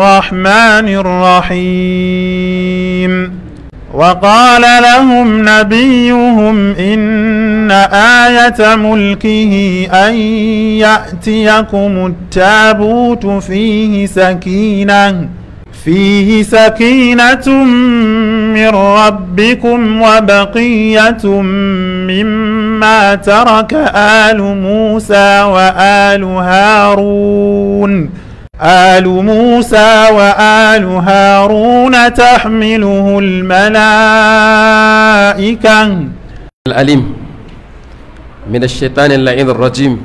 الرحمن الرحيم وقال لهم نبيهم إن آية ملكه أن يأتيكم التابوت فيه سكينة فيه سكينة من ربكم وبقية مما ترك آل موسى وآل هارون آل موسى وآل هارون تحمله الملائكة الأليم من الشيطان اللعين الرجيم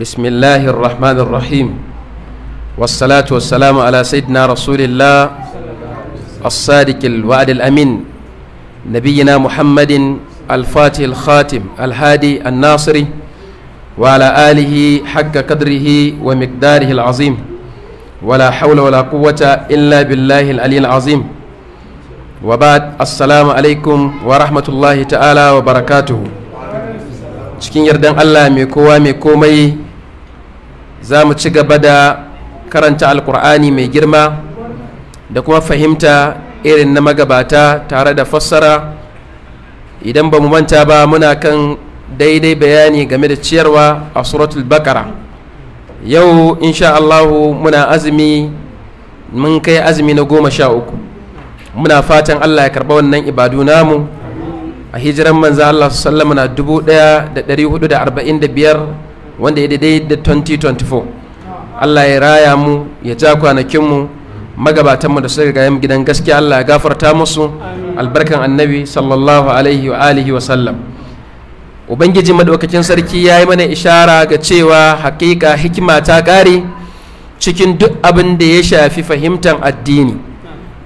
بسم الله الرحمن الرحيم والصلاة والسلام على سيدنا رسول الله الصادق الوعد الأمين نبينا محمد الفاتح الخاتم الهادي الناصري وعلى آله حق قدره ومقداره العظيم ولا حول ولا قوة إلا بالله العلي العظيم وبعد السلام عليكم ورحمة الله تعالى وبركاته cikin yardan Allah mai kowa mai komai za mu ci gaba da karanta alkur'ani mai girma da kuma fahimta irin na magabata tare da fassara idan ba mu manta ba muna kan daidai bayani game da ciyarwa a suratul bakara yau insha Allahu muna azumi mun kai azumi na goma sha uku muna fatan Allah ya karba wannan ibadu namu a hijiran manza Allah su sallama na dubu daya da dari hudu da arba'in da biyar wanda ya daidai da 2024 Allah ya raya mu ya ja kwanakinmu magabatanmu da suka gayan gidan gaskiya Allah ya gafarta musu albarkan annabi sallallahu alaihi wa alihi wa sallam ubangiji madaukakin sarki ya yi mana ishara ga cewa hakika hikima ta kare cikin duk abin da ya shafi fahimtar addini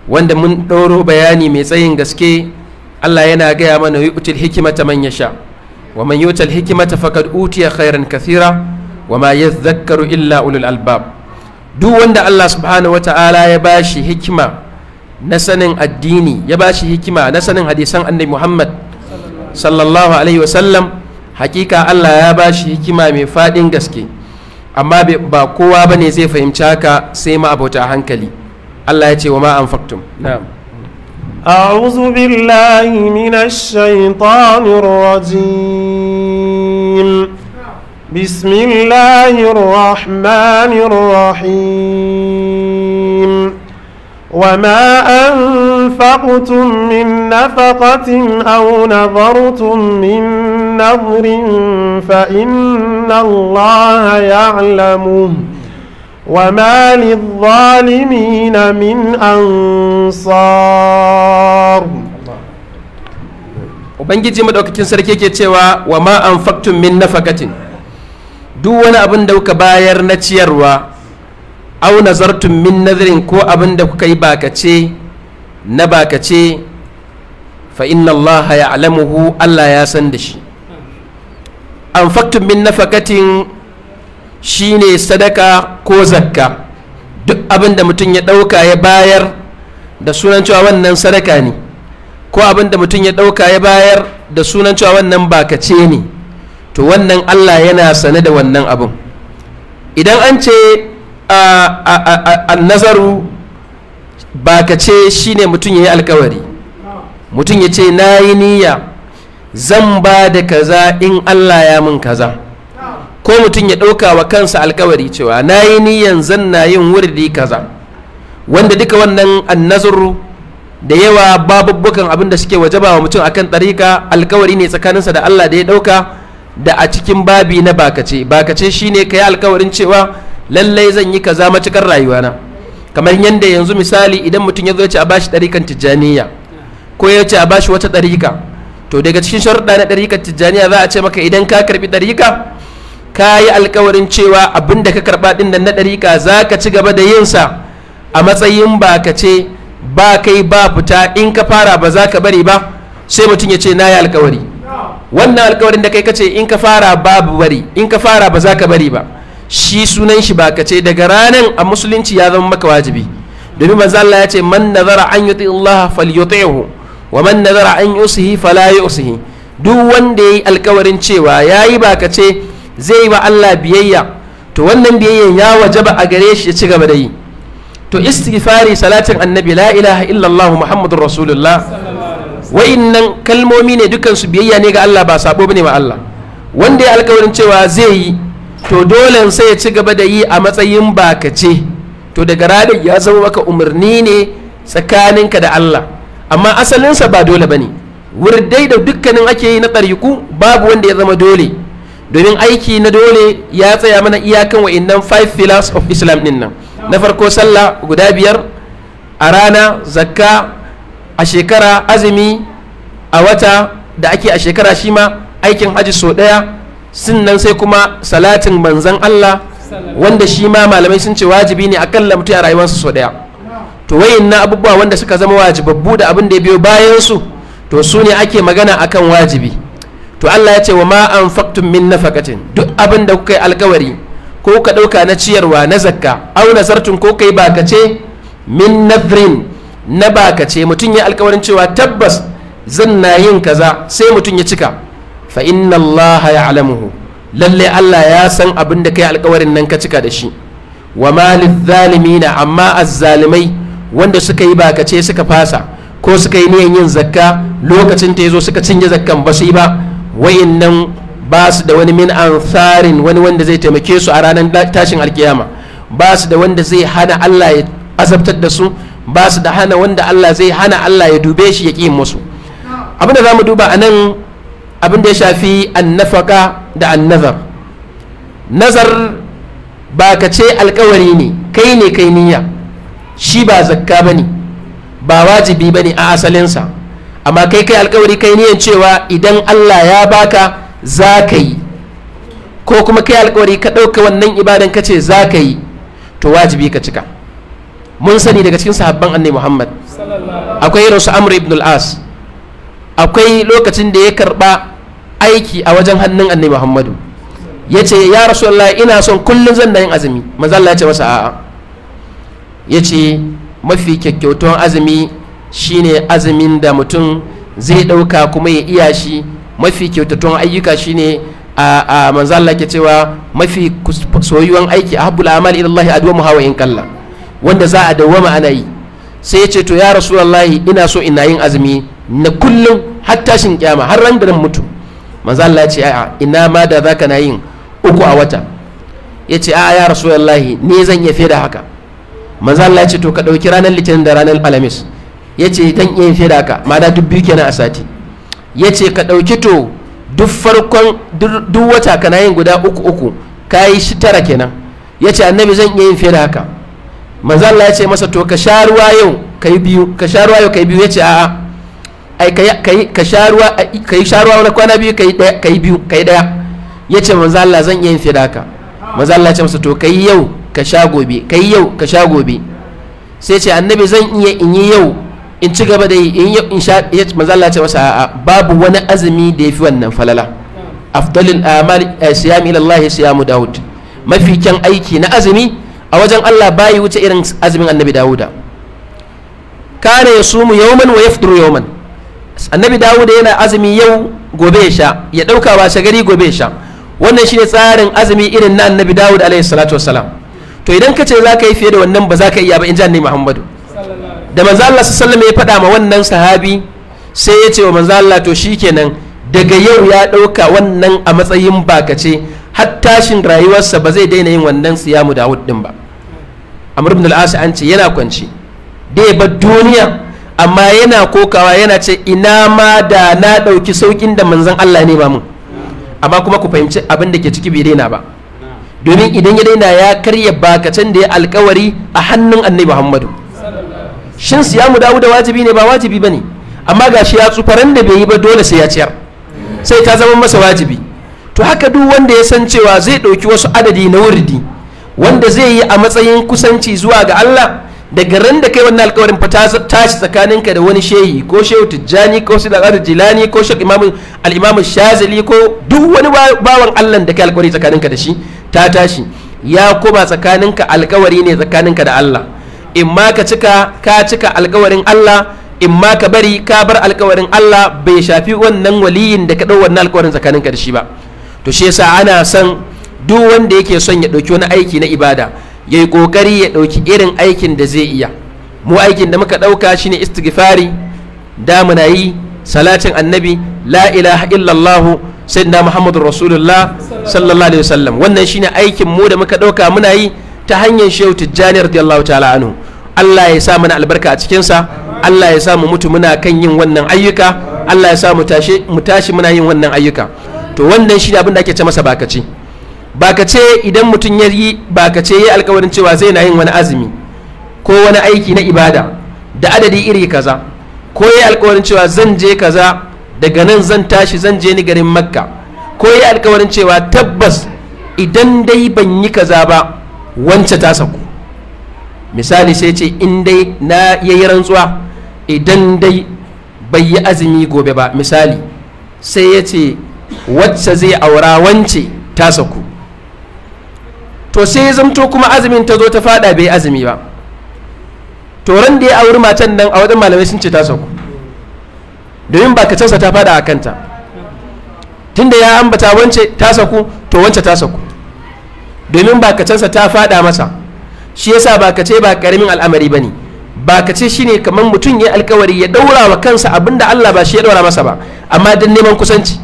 wanda mun ɗoro bayani mai tsayin gaske allah yana gaya mana hikima ta man sha wa man yu'tal ta faqad utiya khairan kathira wa ma yadhakkaru illa ulul albab duk wanda allah subhanahu wata'ala ya bashi hikima na sanin addini ya bashi hikima na sanin hadisan annabi muhammad sallallahu alaihi wasallam hakika Allah ya ba shi hikima mai faɗin gaske amma ba kowa ba ne zai fahimci haka sai ma abota hankali Allah ya ce wa ma anfaqtum بسم الله الرحمن الرحيم وما أنفقتم من نفقة أو نظرتم من نظر فإن الله يعلم وما للظالمين من أنصار ubangiji madaukakin sarki ke cewa wa ma an faktun min nafakatin duk wani abin da kuka bayar na ciyarwa au nazartum min nazarin ko abin da kuka yi bakace na bakace fa inna allah ya alamuhu allah ya san da shi anfaktum min nafakatin shine sadaka ko zakka duk abin da mutum ya ɗauka ya bayar da sunan cewa wannan sadaka ne ko abin da mutum ya ɗauka ya bayar da sunan cewa wannan bakace ne to wannan allah yana sane da wannan abin idan an ce a nazaru bakace shine mutum ya yi alkawari mutum ya ce na yi niyya zan ba da kaza in Allah ya mun kaza ko mutum ya ɗauka wa kansa alkawari cewa na yi niyan zan na yin wurdi kaza wanda duka wannan annazuru da yawa babubbukan abin da suke wajaba wa mutum akan ɗarika alkawari ne tsakaninsa da Allah da ya ɗauka da a cikin babi na bakace bakace shine ka yi alkawarin cewa lallai zan yi kaza matukar rayuwana kamar yadda yanzu misali idan mutum ya zo ya ce a bashi ɗarikan tijjaniya ko ya ce a bashi wata ɗarika to daga cikin sharuɗa na ɗariƙar tijjaniya za a ce maka idan ka karɓi ɗariƙa ka yi alkawarin cewa abinda ka karɓa ɗin nan na ɗariƙa za ka ci gaba da yin sa a matsayin ba ka ce ba kai ba fita in ka fara ba za ka bari ba sai mutum ya ce na yi alkawari wannan alkawarin da kai ka ce in ka fara babu bari in ka fara ba za ka bari ba shi sunan shi ba ka ce daga ranar a musulunci ya zama maka wajibi domin manzo Allah ya ce man nazara an yuti Allah falyuti'hu wa man nazara an yusihi fala yusihi duk wanda yayi alkawarin cewa yayi ba ka ce zai wa Allah biyayya to wannan biyayyan ya wajaba a gare shi ya ci gaba da yi to istighfari salatin annabi la ilaha illallah muhammadur rasulullah wa'innan kalmomi ne dukan su biyayya ne ga Allah ba sabo bane ma Allah wanda ya alkawarin cewa zai yi to dole sai ya ci gaba da yi a matsayin bakace to daga ranar ya zama maka umarni ne tsakaninka da Allah amma asalinsa ba dole ba ne wurdai da dukkanin ake yi na ɗariku babu wanda ya zama dole domin aiki na dole ya tsaya mana iyakan wa'innan five pillars of islam din nan na farko sallah guda biyar a rana zakka a shekara azumi a wata da ake a shekara shi ma aikin haji so ɗaya sannan sai kuma salatin manzan allah wanda shi ma malamai sun ce wajibi ne a kan lamtu a rayuwarsa sau ɗaya to wayin na abubuwa wanda suka zama wajibabbu da abin da ya biyo bayan su to su ne ake magana akan wajibi to Allah ya ce wa ma anfaqtum min nafaqatin duk abin da kuka yi alkawari ko ka dauka na ciyarwa na zakka au nazartun ko kai bakace min nadrin na bakace mutum ya alkawarin cewa tabbas zan na yin kaza sai mutum ya cika fa inna Allah ya'lamuhu lalle Allah ya san abin da kai alkawarin nan ka cika da shi wa ma na amma zalimai. wanda suka yi baka ce suka fasa ko suka yi niyan yin zakka lokacin ta yazo suka cinye zakkan ba su yi ba nan ba su da wani min ansarin wani wanda zai taimake su a ranar tashin alkiyama ba su da wanda zai hana Allah ya azabtar da su ba su da hana wanda Allah zai hana Allah ya dube shi ya ƙi musu abin da za mu duba a nan abin da ya shafi annafaka da annazar nazar ba ka ce alkawari ne kai ne kai niyya shi ba zakka ba ne ba wajibi ba ne a asalinsa amma kai kai alkawari kai niyan cewa idan allah ya baka za ka yi ko kuma kai alkawari ka ɗauka wannan ibadan ka ce za ka yi to wajibi ka cika mun sani daga cikin sahabban annai muhammad akwai irin su amr ibn al-as akwai lokacin da ya karba aiki a wajen hannun annai muhammadu ya ce ya rasu ina son kullum zan na yin azumi manzo Allah ya ce masa a'a ya ce mafi kyakkyautan azumi shine azumin da mutum zai ɗauka kuma ya iya shi mafi kyautaton ayyuka shine a a manzala ke cewa mafi soyuwan aiki ahabbul amal ila Allah adwamu hawa in kalla wanda za a dawwama ana yi sai ya ce to ya rasulullahi ina so ina yin azumi na kullum har tashin kyama har ran da mutu manzala ce a'a ina ma da zaka na yin uku a wata ya ce a ya rasulullahi ne zan iya da haka manzo Allah ya ce to ka dauki ranar litinin da ranar alamis ya ce dan iya fi da ma da duk biyu kenan a sati ya ce ka dauki to duk farkon duk wata kana yin guda uku uku ka yi shi tara kenan ya ce annabi zan iya yin fiye da haka manzo Allah ya ce masa to ka sha ruwa yau kai biyu ka sha ruwa yau kai biyu ya ce a'a ai kai ka sha ruwa kai sha ruwa na kwana biyu kai kai biyu kai daya ya ce manzo Allah zan iya yin fiye da haka manzo Allah ya ce masa to kai yau ka sha gobe ka yi yau ka sha gobe sai ce annabi zan iya in yi yau in ci gaba da yi in yau in sha ya manzo Allah ce masa a'a babu wani azumi da yafi wannan falala afdalul amal eh, siyam ila Allah siyamu daud mafi kyan aiki na azumi a wajen Allah bayi wuce irin azumin annabi dauda kana yasumu yawman wa fito yawman annabi dauda yana azumi yau gobe ya sha ya dauka washe gari gobe ya sha wannan shine tsarin azumi irin na annabi dawud alaihi salatu wassalam to idan ka ce za ka yi fiye da wannan ba za ka iya ba in ji annabi muhammadu da manzo Allah sallallahu ya faɗa ma wannan sahabi sai ya ce wa manzo Allah to shikenan daga yau ya ɗauka wannan a matsayin bakace har tashin rayuwarsa ba zai daina yin wannan siyamu Dawud din ba Amr ibn al-As an ce yana kwanci da ya bar duniya amma yana kokawa yana ce ina ma da na ɗauki saukin da manzon Allah ne ba mu amma kuma ku fahimci abin da ke ciki bai daina ba domin hmm. idan ya daina ya karya bakacin da ya alkawari a hannun annabi muhammadu shin siyamu dawo da wajibi ne ba wajibi ba ne amma ga shi ya tsufaran da bai yi ba dole sai ya ciyar sai ta zama masa wajibi to haka duk wanda ya san cewa zai ɗauki wasu adadi na wurdi wanda zai yi a matsayin kusanci zuwa ga allah daga ran da kai wannan alkawarin fa tashi tsakaninka da wani shehi ko shehu tijjani ko sidaqar jilani ko shi al ko duk wani bawan allah da kai alkawari tsakaninka da shi ta tashi ya kuma tsakaninka alkawari ne tsakaninka da Allah in ma ka cika ka cika alkawarin Allah in ma ka bari ka bar alkawarin Allah bai shafi wannan waliyin da ka dau wannan alkawarin tsakaninka da shi ba to shi yasa ana son duk wanda yake son ya ɗauki wani aiki na ibada yayi kokari ya ɗauki irin aikin da zai iya mu aikin da muka ɗauka shine istighfari da muna yi salatin annabi la ilaha illallahu sayyidina muhammadu rasulullah sallallahu alaihi wasallam wannan shine aikin mu da muka dauka muna yi ta hanyar shehu tijjani radiyallahu ta'ala anhu Allah ya sa mana albarka a cikinsa Allah ya sa mu mutu muna kan yin wannan ayyuka Allah ya sa mu tashi mu tashi muna yin wannan ayyuka to wannan shine abin da ake ce masa bakaci bakace idan mutum ya yi bakace ya alkawarin cewa zai na yin wani azumi ko wani aiki na ibada da adadi iri kaza ko ya alkawarin cewa zan je kaza daga nan zan tashi zan je ni garin makka ko yi alkawarin cewa tabbas idan dai ban yi kaza ba wance ta saku misali sai ce in dai na yayi rantsuwa idan dai bai yi azumi gobe ba misali sai ya ce wacce zai aura wance ta saku to sai ya zamto kuma azumin ta zo ta fada bai azumi ba to ran da ya auri matan nan a wajen malamai sun ce ta saku domin bakacinsa ta fada a kanta tunda ya ambata wance ta saku to wance ta saku domin bakacinsa ta fada masa shi yasa bakace ba karamin al'amari ba bane bakace ne kamar mutum ya alkawari ya daura wa kansa da Allah ba shi ya daura masa ba amma don neman kusanci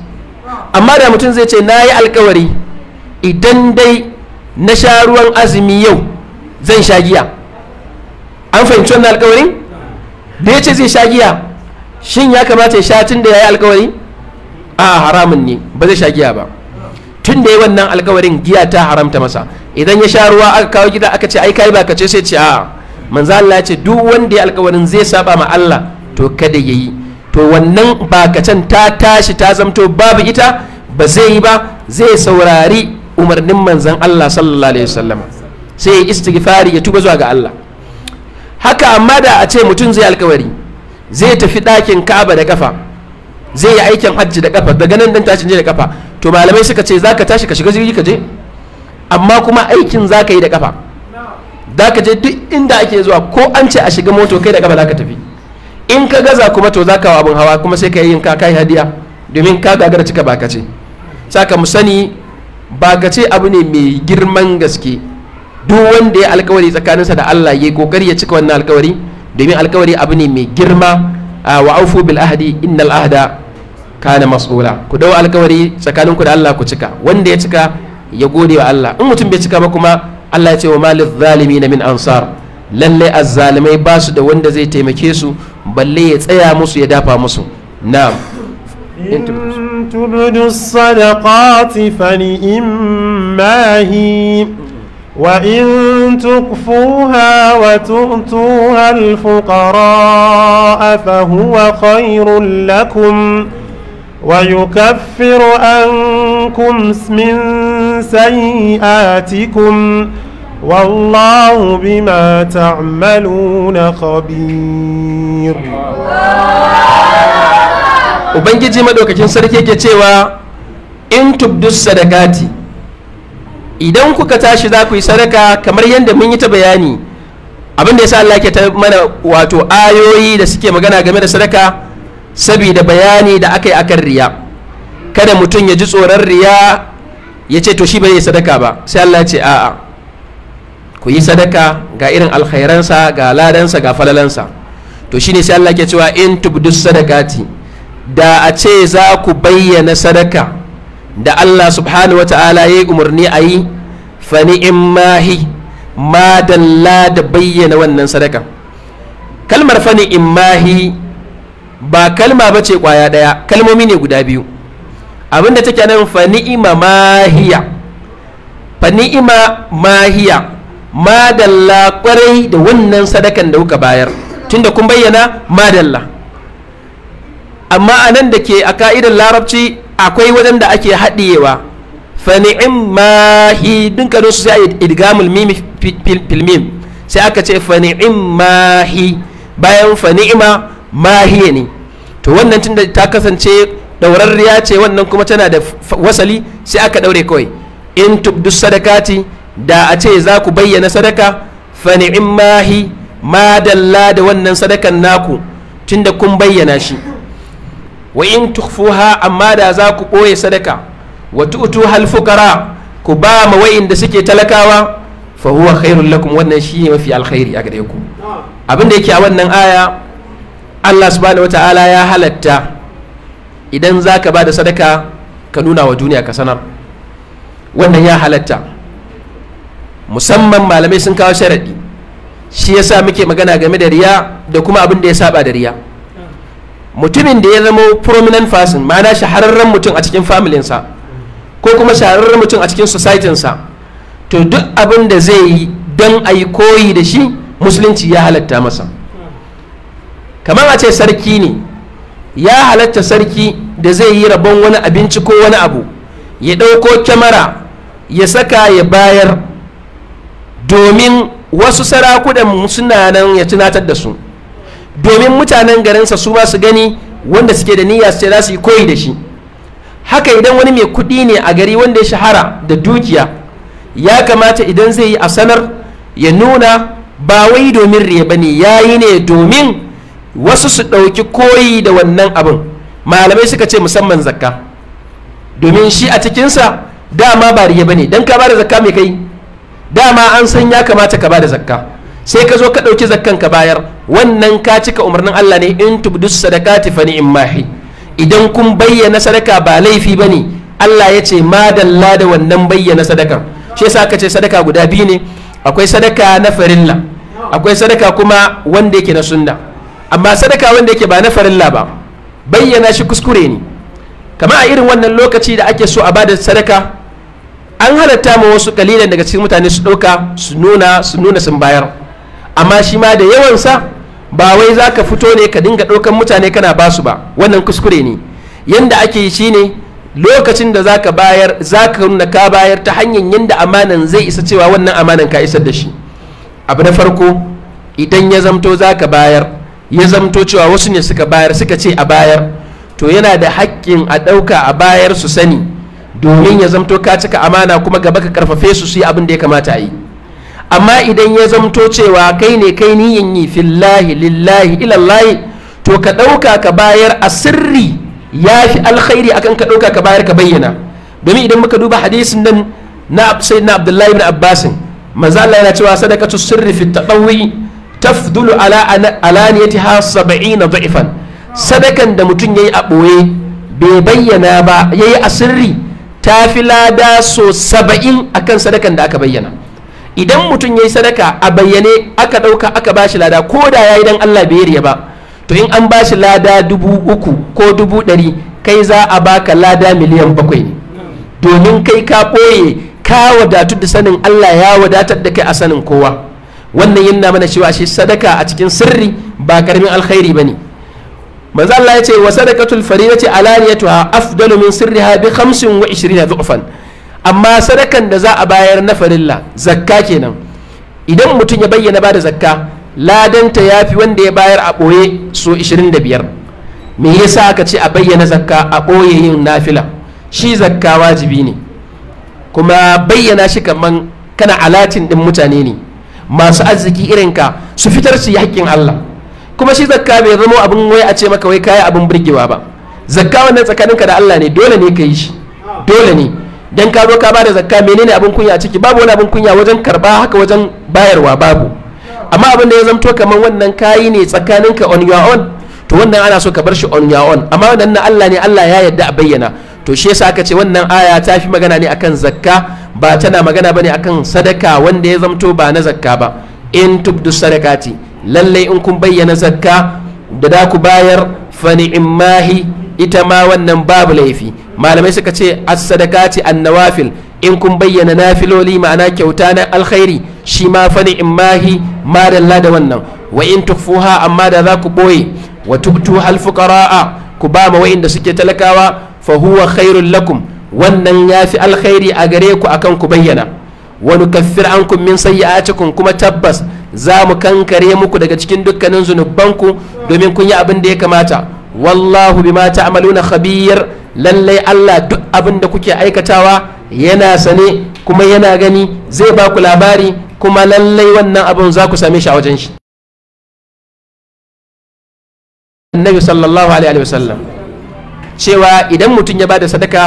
amma da mutum zai ce na yi alkawari idan dai na sha ruwan azumi yau zan sha giya an fahimci wannan alkawarin da ya ce zai sha giya shin ya kamata ya sha tun da ya yi alkawari a haramun ne ba zai sha giya ba tun da ya wannan alkawarin giya ta haramta masa idan ya sha ruwa aka kawo gida aka ce ai kai ba ka ce sai ce a manzo Allah ya ce duk wanda ya alkawarin zai saba ma Allah to kada yayi to wannan bakacen ta tashi ta zamto babu ita ba zai yi ba zai saurari umarnin manzon Allah sallallahu alaihi wasallam sai ya istighfari ya tuba zuwa ga Allah haka amma da a ce mutum zai alkawari zai tafi ɗakin kaba da kafa zai yi aikin hajji da kafa daga nan dan tashin je da kafa to malamai suka ce zaka tashi ka shiga jirgi ka je amma kuma aikin zaka yi da kafa zaka je duk inda ake zuwa ko an ce a shiga moto kai da kafa zaka tafi in ka gaza kuma to zaka wa abun hawa kuma sai ka yi yinka kai hadiya domin ka gagara cika baka ce saka mu sani baka ce abu ne mai girman gaske duk wanda ya alkawari tsakaninsa da Allah ya kokari ya cika wannan alkawari domin alkawari abu ne mai girma wa aufu bil ahdi innal ahda kana mas'ula ku dau alkawari tsakaninku da Allah ku cika wanda ya cika ya gode wa Allah in mutum bai cika ba kuma Allah ya ce wa malil zalimin min ansar lalle azzalimai ba su da wanda zai taimake su balle ya tsaya musu ya dafa musu na'am in tubdu sadaqati fa ni'ma وإن تكفوها وتؤتوها الفقراء فهو خير لكم ويكفر عنكم من سيئاتكم والله بما تعملون خبير Ubangiji madaukakin sarki yake cewa in tubdus sadakati idan kuka tashi za ku yi sadaka kamar yadda mun yi ta bayani abin da sa Allah ke ta mana wato ayoyi da suke magana game da sadaka saboda bayani da aka yi akan riya kada mutum ya ji tsoron riya ya ce to shi bai yi sadaka ba sai Allah ce a'a ku yi sadaka ga irin alkhairansa ga ladansa ga falalansa to shine sai Allah ke cewa in tubdus sadakati da a ce za ku bayyana sadaka da Allah subhanahu wata'ala ya yi umarni a yi fani in mahi madalla da bayyana wannan sadaka kalmar fani in mahi ba kalma ba ce kwaya daya kalmomi ne guda biyu abinda take nan fani'ima mahiya fani'ima mahiya madalla kwarai da wannan sadakan da kuka bayar tunda kun bayyana madalla amma a nan da ke a ka'idar larabci akwai wajen da ake haɗiyewa fa ni'im ma hi dinka su sai idgamul mim fil sai aka ce fa ma hi bayan fa ni'ima ma hi ne to wannan tunda ta kasance daurarriya ce wannan kuma tana da wasali sai aka ɗaure kawai in tubdu sadakati da a ce za ku bayyana sadaka fa ni'im ma hi ma dalla da wannan sadakan naku tunda kun bayyana shi wa in tukfuha amma da za ku ɓoye sadaka wa tu'tu hal fuqara ku ba ma wa'inda suke talakawa fa huwa khairul lakum wannan shine mafi alkhairi a gare ku abin da yake a wannan aya Allah subhanahu wataala ya halatta idan za ka ba da sadaka ka nuna wa duniya ka sanar wannan ya halatta musamman malamai sun kawo sharaɗi shi yasa muke magana game da riya da kuma abin da ya saba da riya mutumin da ya zama prominent person ma'ana shahararren mutum a cikin familinsa ko kuma shahararren mutum a cikin societinsa to duk abin da zai yi don a yi koyi da shi musulunci ya halatta masa kamar a ce sarki ne ya halatta sarki da zai yi rabon wani abinci ko wani abu ya ɗauko kyamara ya saka ya bayar domin wasu sarakunan suna nan ya tunatar da su domin mutanen garinsa su ba su gani wanda suke da niyya su ce za su yi koyi da shi haka idan wani mai kuɗi ne a gari wanda ya shahara da dukiya ya kamata idan zai yi a sanar ya nuna ba wai domin riya ba ne ya yi ne domin wasu su ɗauki koyi da wannan abin malamai suka ce musamman zakka domin shi a cikinsa dama ba riya ba ne don ka ba da zakka mai kai dama an san ya kamata ka ba da zakka sai ka zo ka ɗauki zakkan ka bayar wannan ka cika umarnin Allah ne in tubdus sadakati fa ni'mahi idan kun bayyana sadaka ba laifi bane Allah ya ce ma dalla da wannan bayyana sadakar shi yasa aka ce sadaka guda biyu ne akwai sadaka na farilla akwai sadaka kuma wanda yake na sunna amma sadaka wanda yake ba na farilla ba bayyana shi kuskure ne kamar a irin wannan lokaci da ake so a bada sadaka an halatta ma wasu kalilan daga cikin mutane su ɗauka su nuna su nuna sun bayar amma shi ma da yawansa ba wai za ka fito ne ka dinga ɗaukan mutane kana ba su ba wannan kuskure ne yanda ake yi shine lokacin da za ka bayar za ka nuna ka bayar ta hanyar yadda amanan zai isa cewa wannan amanan ka isar da shi abu na farko idan ya zamto ka bayar ya zamto cewa wasu ne suka bayar suka ce a bayar to yana da haƙƙin a ɗauka a bayar su sani domin ya zamto ka cika amana kuma gaba ka karfafe su su yi abin da ya kamata a yi amma idan ya zamto cewa kai ne kai niyan yi fillahi lillahi ilallahi to ka ɗauka ka bayar a sirri ya fi alkhairi akan ka ɗauka ka bayar ka bayyana domin idan muka duba hadisin nan na na abdullahi ibn abbasin maza Allah yana cewa sadaqatu sirri fi tadawi tafdulu ala ha 70 da'ifan sadakan da mutum yayi a boye bai bayyana ba yayi a sirri ta fi lada so 70 akan sadakan da aka bayyana idan mutum ya yi sadaka a bayyane aka ɗauka aka ba shi lada ko da ya yi dan Allah bai riya ba to in an ba shi lada dubu uku ko dubu ɗari kai za a baka lada miliyan bakwai ne domin kai ka ɓoye ka wadatu da sanin Allah ya wadatar da kai a sanin kowa wannan yana mana cewa shi sadaka a cikin sirri ba karamin alkhairi bane manzo Allah ya ce wa sadakatul fariyati alaniyatuha afdalu min sirriha bi 25 dhufan amma sadakan da za a bayar na farilla zakka kenan idan mutum ya bayyana ba da zakka ladanta ya fi wanda ya bayar a ɓoye so 25 me yasa aka ce a bayyana zakka a ɓoye yin nafila shi zakka wajibi ne kuma bayyana shi kamar kana alatin ɗin mutane ne masu arziki irin ka su fitar su yi haƙƙin Allah kuma shi zakka bai zama abin wai a ce maka wai kaya abin burgewa ba zakka wannan tsakaninka da Allah ne dole ne ka yi shi dole ne dan ka zo ka bada zakka menene abin kunya ciki babu wani abin kunya wajen karba haka wajen bayarwa babu amma abin da ya zamto kamar wannan kayi ne tsakaninka on your own to wannan ana so ka bar shi on your own amma wannan Allah ne Allah ya yarda a bayyana to shi yasa aka ce wannan aya ta fi magana ne akan zakka ba tana magana bane akan sadaka wanda ya zamto ba na zakka ba in tubdu sadakati lalle in kun bayyana zakka da da ku bayar fa ni'mahi ita ma wannan babu laifi malamai suka ce as-sadaqati an-nawafil in kun bayyana nafiloli ma'ana kyauta na alkhairi shi ma fa in mahi ma dalla da wannan wa in tukfuha amma da za ku boye wa tubtu hal fuqara'a ku ba ma wa'inda suke talakawa fa huwa khairul lakum wannan yafi alkhairi a gare ku akan ku bayyana wa nukaffir ankum min sayyi'atikum kuma tabbas za mu kankare muku daga cikin dukkanin zunubanku domin kun yi abin da ya kamata wallahu bima ta'maluna khabir lallai Allah duk abin da kuke aikatawa yana sane kuma yana gani zai ba ku labari kuma lallai wannan abin za ku same shi a wajen shi annabi sallallahu alaihi wasallam cewa idan mutum ya ba da sadaka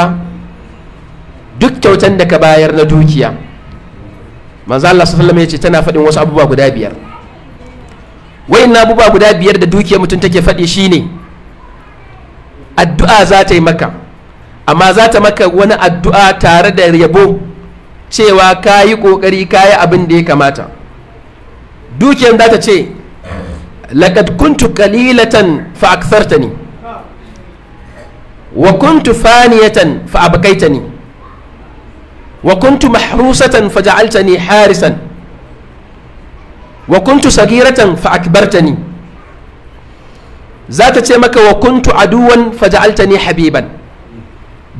duk kyautan da ka bayar na dukiya manzo Allah sallallahu alaihi ya ce tana faɗin wasu abubuwa guda biyar na abubuwa guda biyar da dukiya mutum take faɗi shine addu'a za ta yi maka amma za ta maka wani addu'a tare da yabo cewa ka yi ƙoƙari ka yi abin da ya kamata dukiyar za ta ce laƙad kuntu kalilatan fa ni wa kuntu faniyatan fa ni wa kuntu mahrusatan fa ja'altani harisan wa kuntu sagiratan fa akbartani za ta ce maka wa kuntu aduwan faja'alta ne habiban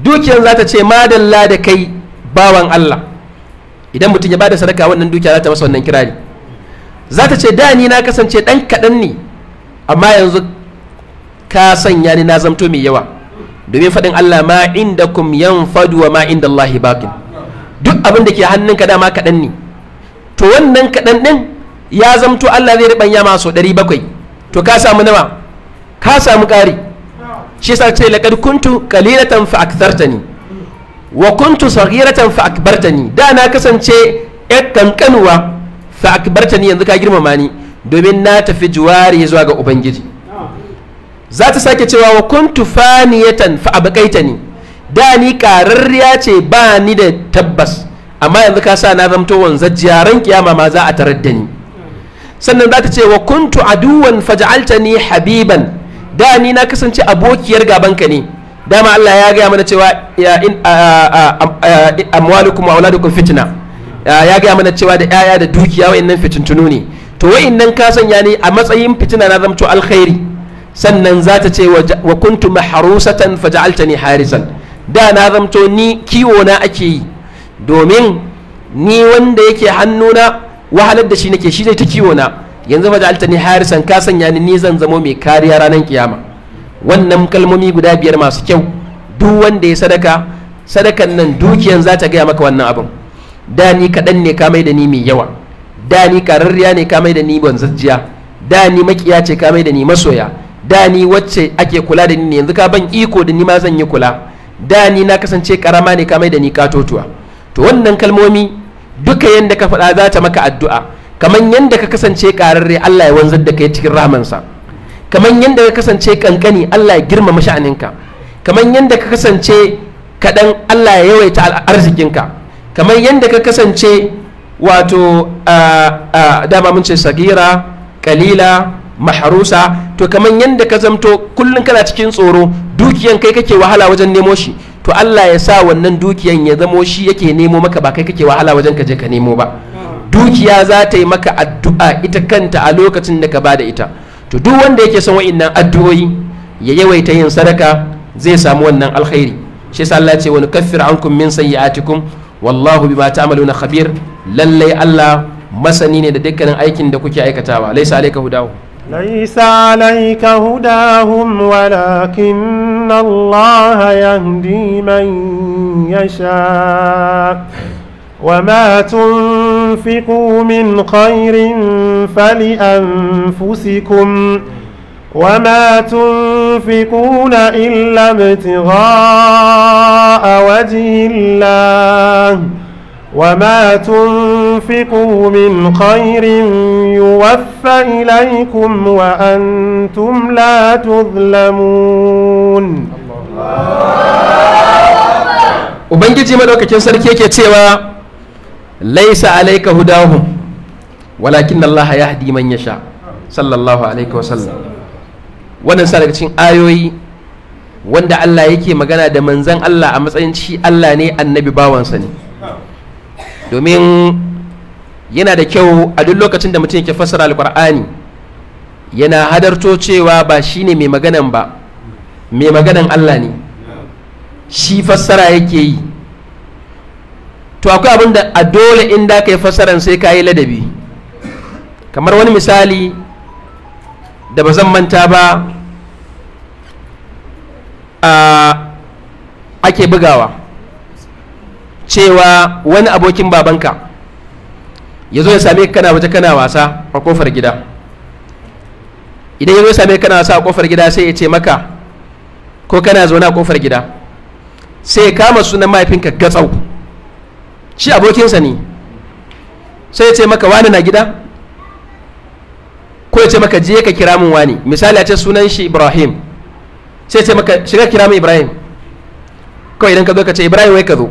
dukiyar za ta ce madalla da kai bawan Allah idan mutum ya bada sadaka wannan dukiya za ta masa wannan kirari za ta ce da ni na kasance dan kaɗan ne amma yanzu ka sanya ni na zamto mai yawa domin faɗin Allah ma inda kum yanfadu wa ma inda Allah bakin duk abin da ke hannunka dama kaɗan ne to wannan kaɗan ɗin ya zamto Allah zai riɓanya yama sau ɗari bakwai to ka samu nawa ka samu ƙari shi sa ce laƙar kuntu ƙalilatan fa wa kuntu saghiratan fa akbartani da na kasance yar kankanuwa fa akbartani yanzu ka girmama ni domin na tafi juwari zuwa ga ubangiji za ta sake cewa wa kuntu faniyatan fa abqaitani da ni ƙararriya ce ba ni da tabbas amma yanzu ka sa na zamto wanzan ran kiyama ma za a tarar da ni sannan za ta ce wa kuntu aduwan ni habiban da ni na kasance abokiyar gabanka ne dama Allah ya gaya mana cewa ya in amwalukum wa auladukum fitna ya gaya mana cewa da yaya da dukiya wayannan fitintunu ne to wayannan ka sanya ni a matsayin fitina na zamto alkhairi sannan za ta ce wa kuntu maharusatan ne harisan da na zamto ni kiwo na ake yi domin ni wanda yake hannuna wahalar da shi nake shi zai ta kiwo na yanzu fa ja'alta ni harisan ka sanya ni ni zan zamo mai kariya ranar kiyama wannan kalmomi guda biyar masu kyau duk wanda ya sadaka sadakan nan dukiyan za ta gaya maka wannan abin da ni kaɗan ne ka mai da ni mai yawa da ni kararriya ne ka mai da ni banzajjiya da ni makiya ce ka mai da ni masoya da ni wacce ake kula da ni ne yanzu ka ban iko da ni ma zan yi kula da ni na kasance karama ne ka mai da ni katotuwa to wannan kalmomi duka yanda ka faɗa za ta maka addu'a kamar yadda ka kasance ƙararre Allah ya wanzar da kai cikin rahamansa kamar yadda ka kasance kankani Allah ya girmama sha'aninka kamar yadda ka kasance kaɗan Allah ya yawaita arzikinka kamar yadda ka kasance wato dama mun ce sagira kalila maharusa to kamar yadda ka zamto kullum kana cikin tsoro dukiyan kai kake wahala wajen nemo shi to Allah ya sa wannan dukiyan ya zamo shi yake nemo maka ba kai kake wahala wajen ka je ka nemo ba dukiya za ta yi maka addu'a ita kanta a lokacin da ka ba da ita to duk wanda yake son wa'innan addu'o'i ya yawaita yin sadaka zai samu wannan alkhairi shi yasa Allah ce wani kaffir ankum min sayyi'atikum wallahu bima ta'maluna khabir lallai Allah masani ne da dukkanin aikin da kuke aikatawa laisa alayka hudahu laisa alayka hudahum walakin Allah yahdi man yasha وما تنفقوا من خير فلأنفسكم وما تنفقون إلا ابتغاء وجه الله وما تنفقوا من خير يوفى إليكم وأنتم لا تظلمون Ubangiji madaukakin sarki yake cewa laisa alaika hudahum walakin Allah hadi man yasha sallallahu alaihi wa sallam wannan sa ayoyi wanda Allah yake magana da manzan Allah a matsayin shi Allah ne annabi bawansa ne domin yana da kyau a duk lokacin da mutum yake fassara alkur'ani yana hadarto cewa ba shi ne mai maganan ba mai maganan Allah ne shi fassara yake yi to akwai abin da a dole in da ka yi fasaran sai ka yi ladabi kamar wani misali da ba zan manta ba a ake bugawa cewa wani abokin babanka ya zo ya same ka kana waje kana wasa a kofar gida idan ya zo ya same ka kana wasa a kofar gida sai ya ce maka ko kana zaune a kofar gida sai ya kama sunan mahaifinka gatsau shi abokinsa ne sai ya ce maka wani na gida ko ya ce maka je ka kira min wani misali a ce sunan shi ibrahim sai ya ce maka shiga kira min ibrahim kawai idan ka zo ka ce ibrahim wai ka zo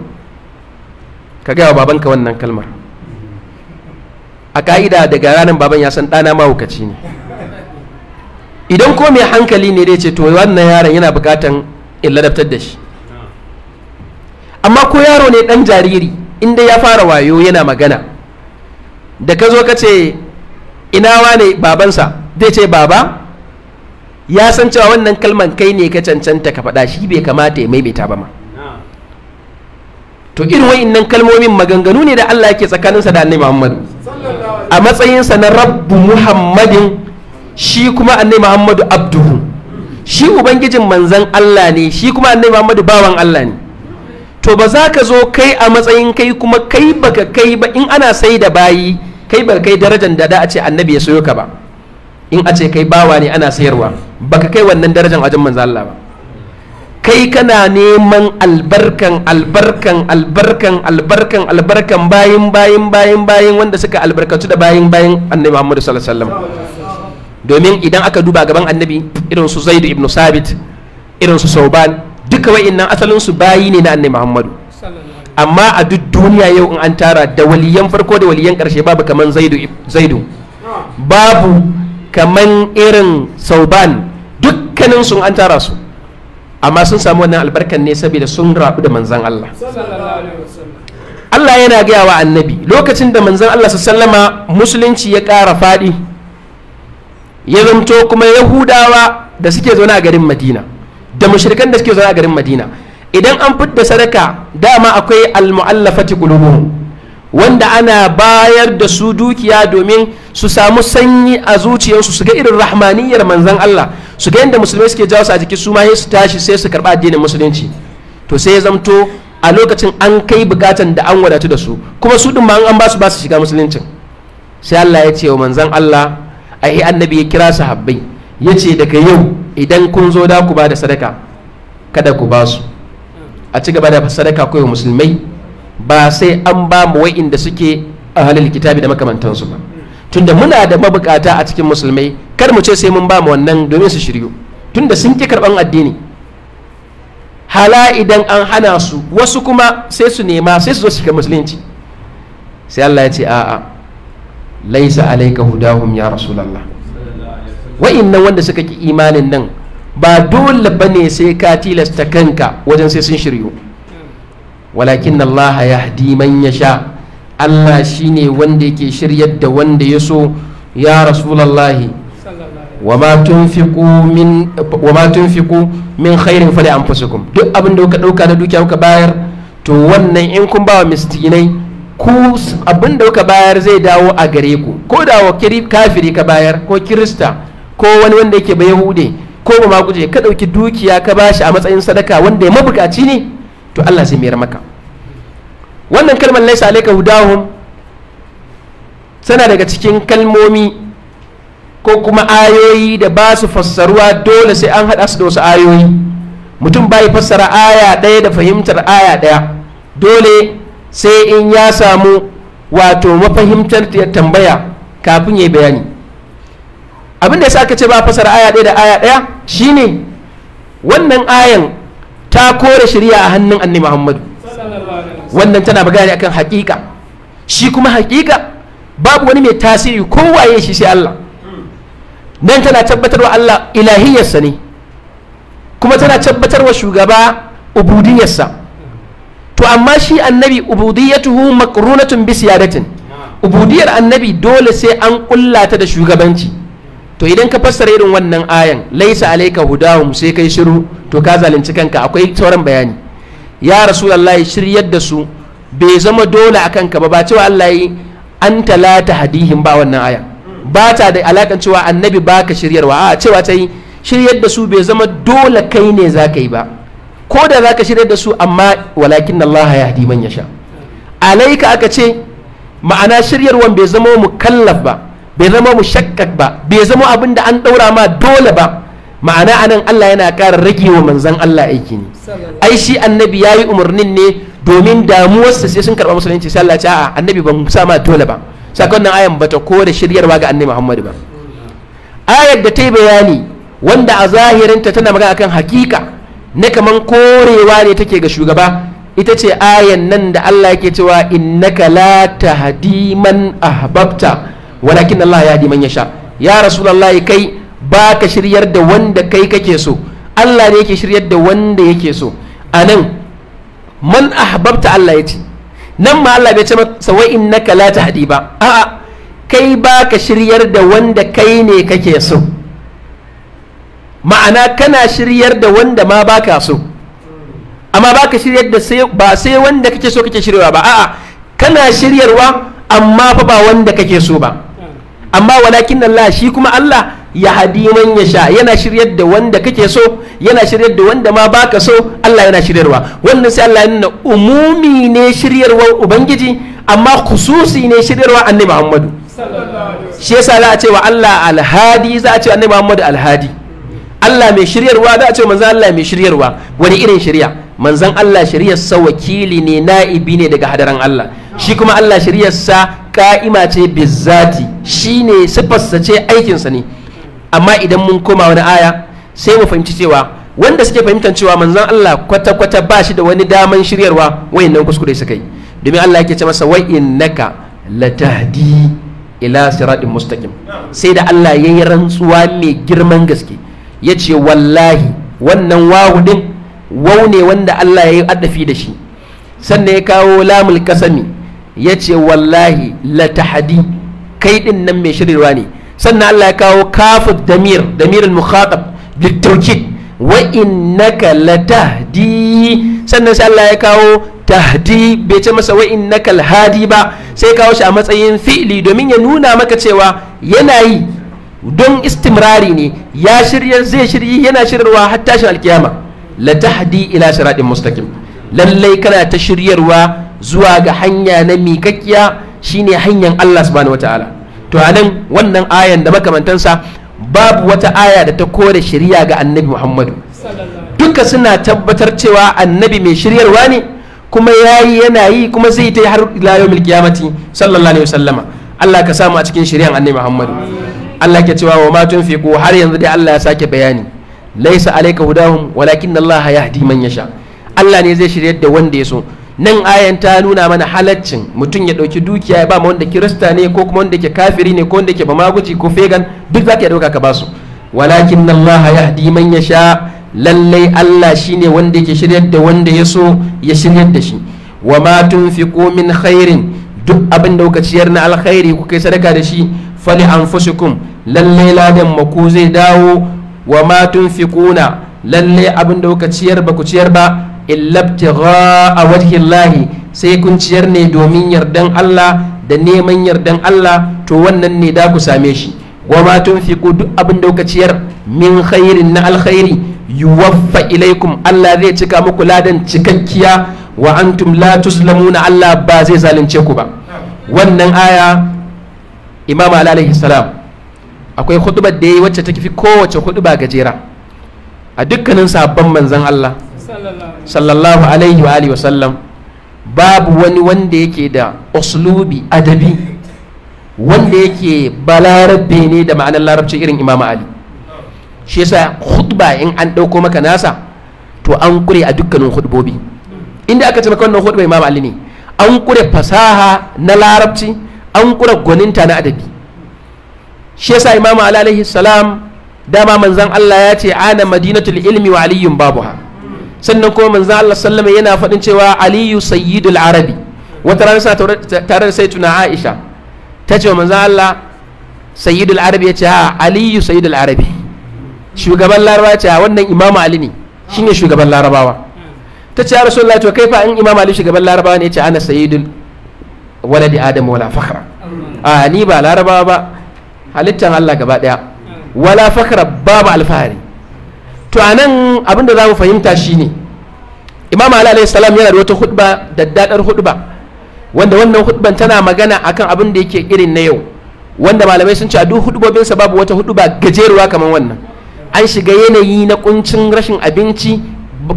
ka gaya wa babanka wannan kalmar a ka'ida daga ranar baban ya san ɗana mahaukaci ne idan ko mai hankali ne dai ce to wannan yaron yana bukatan in ladabtar da shi amma ko yaro ne ɗan jariri inda ya fara wayo yana magana da ka zo ka ce inawa ne babansa zai ce baba ya san cewa wannan kalman kai ne ka cancanta ka faɗa shi bai kamata ya maimaita ba ma to irin wa'innan kalmomin maganganu ne da Allah yake tsakaninsa da annabi Muhammad a matsayinsa na rabbu Muhammadin shi kuma annabi Muhammadu abduhu shi ubangijin manzon Allah ne shi kuma annabi Muhammadu bawan Allah ne to ba za ka zo kai a matsayin kai kuma kai baka kai ba in ana sai da bayi kai baka kai darajar da da a ce annabi ya soyo ka ba in a ce kai bawa ne ana sayarwa baka kai wannan darajar wajen manzo Allah ba kai kana neman albarkan albarkan albarkan albarkan albarkan bayin bayin bayin bayin wanda suka albarkatu da bayin bayin annabi Muhammad sallallahu alaihi wasallam domin idan aka duba gaban annabi irin su Zaid ibn Sabit irin su Sauban duka wa'innan asalin su bayi ne na annabi muhammadu amma a duk duniya yau in an tara da waliyan farko da waliyan karshe babu kaman zaidu babu kaman irin sauban dukkanin sun an tara su amma sun samu wannan albarkan ne saboda sun rabu da manzan Allah Allah yana gaya wa annabi lokacin da manzan Allah sallama musulunci ya kara fadi ya zanto kuma yahudawa da suke zaune a garin madina da mushrikan da suke zaune a garin madina idan an fidda sadaka dama akwai almu'allafati qulubuhum wanda ana bayar da su dukiya domin su samu sanyi a zuciyarsu su ga irin rahmaniyar manzon Allah su ga yadda musulmai suke jawo su a jiki su ma su tashi sai su karɓa addinin musulunci to sai ya zamto a lokacin an kai bukatan da an wadatu da su kuma su din ma an ba su ba su shiga musuluncin sai Allah ya ce wa manzon Allah ai annabi ya kira sahabbai yace daga yau idan kun zo da ku ba da sadaka kada ku ba su a ci gaba da sadaka kawai musulmai ba sai an ba mu wa'inda suke a halin kitabi da makamantansu ba tunda muna da mabukata a cikin musulmai kar mu ce sai mun ba mu wannan domin su shiryu tunda sun ki karban addini hala idan an hana su wasu kuma sai su nema sai su zo shiga musulunci sai Allah ya ce a'a laisa alaika hudahum ya rasulullah wa'innan wanda suka ki imanin nan ba dole ba ne sai ka tilasta kanka wajen sai sun shiryo walakin Allah ya hadi man ya sha Allah shi ne wanda yake shiryar da wanda ya so ya rasulallahi wa ma tun ku min khairin fali anfusukum duk abin da kuka dauka da dukiya kuka bayar to wannan in kun ba wa miskinai ku abin da kuka bayar zai dawo a gare ku ko da wa kafiri ka bayar ko kirista ko wani wanda yake ba yahude ko ba maguje ka ɗauki dukiya ka bashi a matsayin sadaka wanda ya mabukaci ne to Allah zai mayar maka wannan kalmar laisa alayka hudahum tana daga cikin kalmomi ko kuma ayoyi da ba su fassaruwa dole sai an hada su da wasu ayoyi mutum bai fassara aya ɗaya da fahimtar aya ɗaya dole sai in ya samu wato mafahimtar tambaya kafin ya bayani abin da yasa ce ba fasar aya ɗaya da aya ɗaya shine wannan ayan ta kore shari'a a hannun annabi Muhammadu wannan tana magana akan haƙiƙa shi kuma haƙiƙa babu wani mai tasiri kowaye shi sai Allah nan tana tabbatar wa Allah ilahiyarsa ne kuma tana tabbatar wa shugaba ubudiyarsa to amma shi annabi ubudiyatuhu maqrunatun bi siyadatin ubudiyar annabi dole sai an kullata da shugabanci to idan ka fassara irin wannan ayan laisa alaika hudahum sai kai shiru to ka zalunci kanka akwai sauran bayani ya rasulullahi shiryar da su bai zama dole akan ka ba ba cewa Allah yi an talata hadihin ba wannan ayan ba ta da alakan cewa annabi baka shiryarwa a cewa ta shiryar da su bai zama dole kai ne za ka yi ba ko da za ka shiryar da su amma walakin Allah ya hadi man yasha alaika aka ce ma'ana shiryarwan bai zama mukallaf ba bai zama mushakkak ba bai zama abin da an ɗaura ma dole ba ma'ana anan Allah yana ƙara rage wa manzan Allah aiki ne ai shi annabi ya yi umarnin ne domin damuwarsa sai sun karɓa musulunci sai Allah a annabi ba sa ma dole ba sakon ayan bata kore shiryarwa ga annabi Muhammad ba ayar da ta yi bayani wanda a zahirinta tana magana akan hakika na kaman korewa ne take ga shugaba ita ce ayan nan da Allah yake cewa innaka la tahdi man ahbabta walakin Allah ya man yasha ya rasulullahi kai ba ka shiryar da wanda kai kake so Allah ne yake shiryar da wanda yake so A anan man ahbabta Allah ya ce nan ma Allah bai ce masa wai innaka la tahdi ba a'a kai ba ka shiryar da wanda kai ne kake so ma'ana kana shiryar da wanda ma baka so amma baka shiryar da sai ba sai wanda kake so kake shiryawa ba a'a kana shiryarwa amma fa ba wanda kake so ba amma walakin Allah shi kuma Allah ya hadi man ya sha yana shiryar da wanda kake so yana shiryar da wanda ma baka so Allah yana shiryarwa wannan sai Allah ya nuna umumi ne shiryarwar ubangiji amma khususi ne shiryarwa annabi Muhammadu shi yasa za a ce wa Allah alhadi za a ce annabi Muhammadu alhadi Allah mai shiryarwa za a ce manzan Allah mai shiryarwa wani irin shirya manzan Allah shiryarsa wakili ne na'ibi ne daga hadaran Allah shi kuma Allah shiryarsa ka'ima ce bizzati shine su ce aikinsa ne amma idan mun koma wani aya sai mu fahimci cewa wanda suke fahimtar cewa manzon Allah kwata-kwata ba shi da wani daman shiryarwa wayannan kuskure suka yi domin Allah yake ce masa wa innaka latahdi ila siratin mustaqim sai da Allah ya yi rantsuwa mai girman gaske ya ce wallahi wannan wawu din wau ne wanda Allah ya yi addafi da shi sannan ya kawo lamul kasami ya ce wallahi latahadi kai din nan mai shirirwa ne sannan Allah ya kawo kafu damir damirul mukhatab litaukid wa innaka latahdi sannan sai Allah ya kawo tahdi bai ce masa wa innaka ba sai kawo shi a matsayin fi'li domin ya nuna maka cewa yana yi don istimrari ne ya shirya zai shiryi yana shiryarwa har tashin alkiyama latahdi ila siratin mustaqim lallai kana ta shiryarwa zuwa ga hanya na miƙaƙƙiya shine hanyar Allah subhanahu wataala to anan wannan ayan da makamantansa babu wata aya da ta kore shari'a ga annabi Muhammadu duka suna tabbatar cewa annabi mai shiryarwa ne kuma yayi yana yi kuma zai ta har ila yawmil qiyamati sallallahu alaihi wasallama Allah ka samu a cikin shari'ar annabi Muhammadu Allah ke cewa wa ma tunfiqu har yanzu dai Allah ya sake bayani laisa alayka hudahum walakin Allah yahdi man yasha Allah ne zai shiryar da wanda ya so nan ayan ta nuna mana halaccin mutum ya ɗauki dukiya ya ba ma wanda kirista ne ko kuma wanda ke kafiri ne ko wanda ke bamaguji ko fegan duk za ka ɗauka ka ba su walakin ya yahdi man sha lallai Allah shi ne wanda yake shiryar da wanda ya so ya shiryar da shi wa ma tun fi komin khairin duk abin da kuka ciyar na alkhairi kuka yi sadaka da shi fali anfusukum lallai ladan maku zai dawo wa ma tun fi kuna lallai abin da kuka ciyar ba ku ciyar ba illabtigha lahi sai kun ciyar ne domin yardan Allah da neman yardan Allah to wannan ne da ku same shi wa ma tunfiqu duk abin da kuka ciyar min khairin na alkhairi yuwaffa ilaikum Allah zai cika muku ladan cikakkiya wa antum la tuslamuna Allah ba zai zalunce ku ba wannan aya imam alaihi salam akwai hudubar da ya yi wacce ta fi kowace ba gajera a dukkanin sabon manzon Allah sallallahu alaihi wa alihi wasallam babu wani wanda yake da uslubi adabi wanda yake balarabe ne da ma'anar larabci irin imam ali shi yasa khutba in an ɗauko maka nasa to an kure a dukkanin khutbobi inda aka ce maka wannan khutba imam ali ne an kure fasaha na larabci an kure gwaninta na adabi shi yasa imam ali alaihi salam dama manzon Allah ya ce ana madinatul ilmi wa aliyun babuha sannan kuma manzo Allah sallama yana faɗin cewa aliyu sayyidul arabi wata rana sa tare da sayyiduna aisha ta ce manzo Allah sayyidul arabi ya ce a aliyu sayyidul arabi shugaban larabawa ce a wannan imam ali ne shine shugaban larabawa ta ce ya rasulullah to kai fa in imamu ali shugaban larabawa ne ya ce ana sayyidul waladi adam wala fakhra a ni ba larabawa ba halittan Allah gaba daya wala fakhra babu alfahari to a nan abin da za mu fahimta shine imam ali alayhi salam yana da wata hudba daddadar hudba wanda wannan hudban tana magana akan abin da yake irin na yau wanda malamai sun ce a duk hudubobinsa babu wata hudba gajeruwa kamar wannan an shiga yanayi na kuncin rashin abinci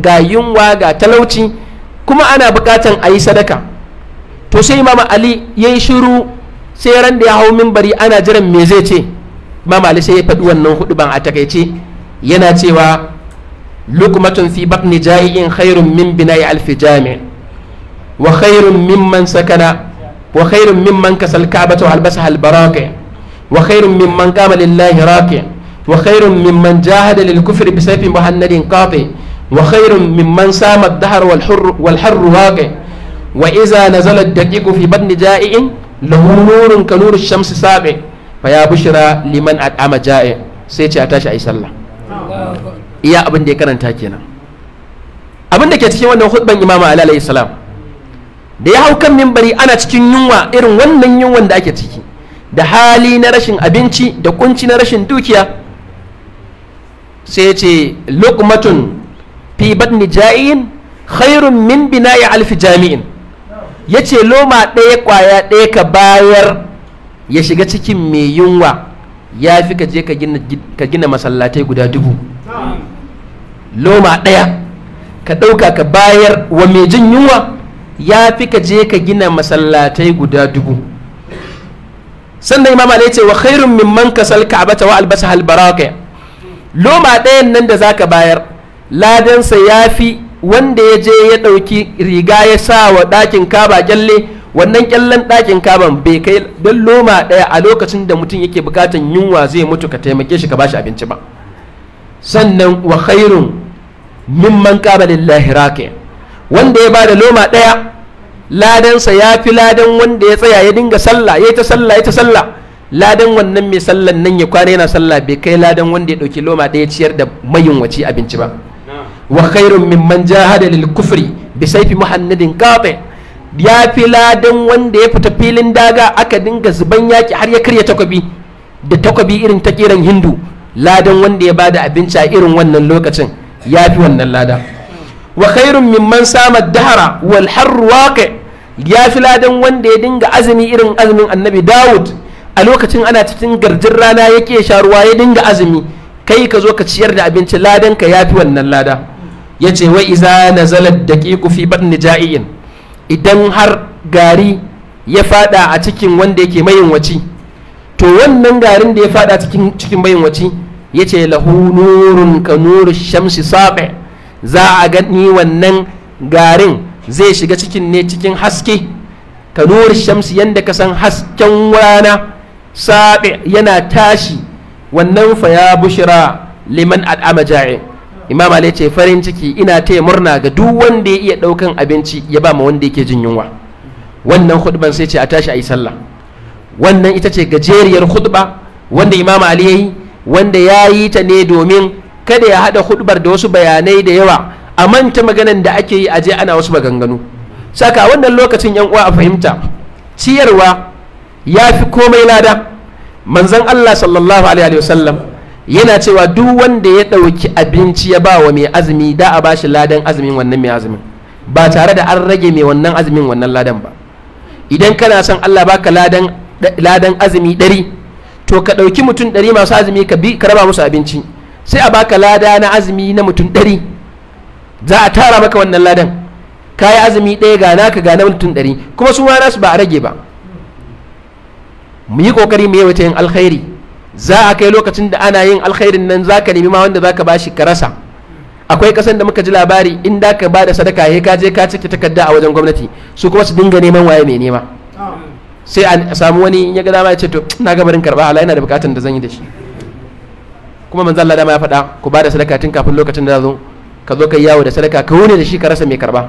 ga yunwa ga talauci kuma ana bukatan a yi sadaka to sai imam ali ya yi shiru sai ran da ya hau mimbari ana jiran me zai ce imam ali sai ya faɗi wannan hudban a takaice yana cewa lukmatun fi batni ja'iin khairun min bina'i alfi fijami wa khairun mimman sakana wa khairun mimman kasal ka'bata wa albasaha albaraqi wa khairun mimman qama lillahi raqi wa khairun mimman jahada lil kufri bi sayfin muhannadin qati wa khairun mimman sama ad-dahr wal hurr wal harr waqi wa idha nazala ad-daqiqu fi batni ja'iin lahu nurun ka nuru shamsi sabi fa ya bushra liman at'ama ja'i sai ce a tashi ayi sallah iya abin da ya karanta kenan abin da ke cikin wannan hudban imama ali alayhi salam da ya hau kan mimbari ana cikin yunwa irin wannan yunwan da ake ciki da hali na rashin abinci da kunci na rashin dukiya sai ce lokmatun fi batni ja'in khairun min bina'i alfi jami'in ya ce loma ɗaya kwaya ɗaya ka bayar ya shiga cikin mai yunwa ya fi ka je ka gina masallatai guda dubu loma ɗaya ka ɗauka ka bayar wa mai jin yunwa ya fi ka je ka gina masallatai guda dubu sannan imam kairin ce wa khairun mimman kasal ka'bata wa albasa albaraka loma ɗayan nan da za ka bayar ladansa ya fi wanda ya je ya ɗauki riga ya sa wa ɗakin kaba kyalle wannan kyallan ɗakin kaban bai kai don loma ɗaya a lokacin da mutum yake bukatan yunwa zai mutu ka taimake shi ka bashi abinci ba sannan wa khairun mimman kaba lillahi wanda ya bada loma ɗaya ladansa ya fi ladan wanda ya tsaya ya dinga sallah ya ta sallah ya ta sallah ladan wannan mai sallan nan ya kwana yana sallah bai kai ladan wanda ya ɗauki loma ɗaya ciyar da mayunwaci abinci ba wa khairun mimman jahada lil kufri bi saifi muhannadin qati ya fi ladan wanda ya fita filin daga aka dinga zuban yaki har ya karya takwabi da takwabi irin ta kiran hindu ladan wanda ya bada abinci a irin wannan lokacin ya fi wannan lada wa khairun mimman sama dahara wal harru waqi ya fi ladan wanda ya dinga azumi irin azumin annabi dawud a lokacin ana cikin garjin rana yake sha ruwa ya dinga azumi kai ka zo ka ciyar da abinci ladan ka ya fi wannan lada yace wa iza nazalat daqiqu fi batni ja'iin idan har gari ya fada a cikin wanda yake waci to wannan garin da ya fada cikin cikin waci ya ce lahu nurun ka nuru shamsi sabe za a gani wannan garin zai shiga cikin ne cikin haske ka nuru shamsi yanda ka san hasken rana sabe yana tashi wannan fa ya bushira liman al'ama ja'i imam ali ce farin ciki ina taya murna ga duk wanda ya iya daukan abinci ya ba ma wanda yake jin yunwa wannan khutban sai ce a tashi a yi sallah wannan ita ce gajeriyar khutba wanda imam ali yayi wanda ya yi ta ne domin kada ya hada khutbar da wasu bayanai da yawa a manta maganan da ake yi a je ana wasu maganganu saka wannan lokacin yan uwa a fahimta ciyarwa ya fi komai lada manzon Allah sallallahu alaihi wasallam yana cewa duk wanda ya ɗauki abinci ya ba wa mai azumi da a bashi ladan azumin wannan mai azumin ba tare da an rage mai wannan azumin wannan ladan ba idan kana son Allah baka ladan ladan azumi ɗari to ka ɗauki mutum ɗari masu azumi ka bi ka raba musu abinci sai a baka lada na azumi na mutum ɗari za a tara maka wannan ladan ka yi azumi ɗaya ga naka ga na mutum ɗari kuma su ma nasu ba a rage ba mu yi ƙoƙari mu yawaita yin alkhairi za a kai lokacin da ana yin alkhairin nan za ka nemi ma wanda za ka bashi ka rasa akwai kasan da muka ji labari in da ka bada sadaka ya ka je ka cike takarda a wajen gwamnati su kuma su dinga neman waye mai nema sai a samu wani in ya ga dama ya ce to na ga barin karba ala yana da bukatun da zan yi da shi kuma manzo Allah dama ya faɗa ku bada sadaka tun kafin lokacin da zo ka zo ka yawo da sadaka ka wune da shi ka rasa mai karba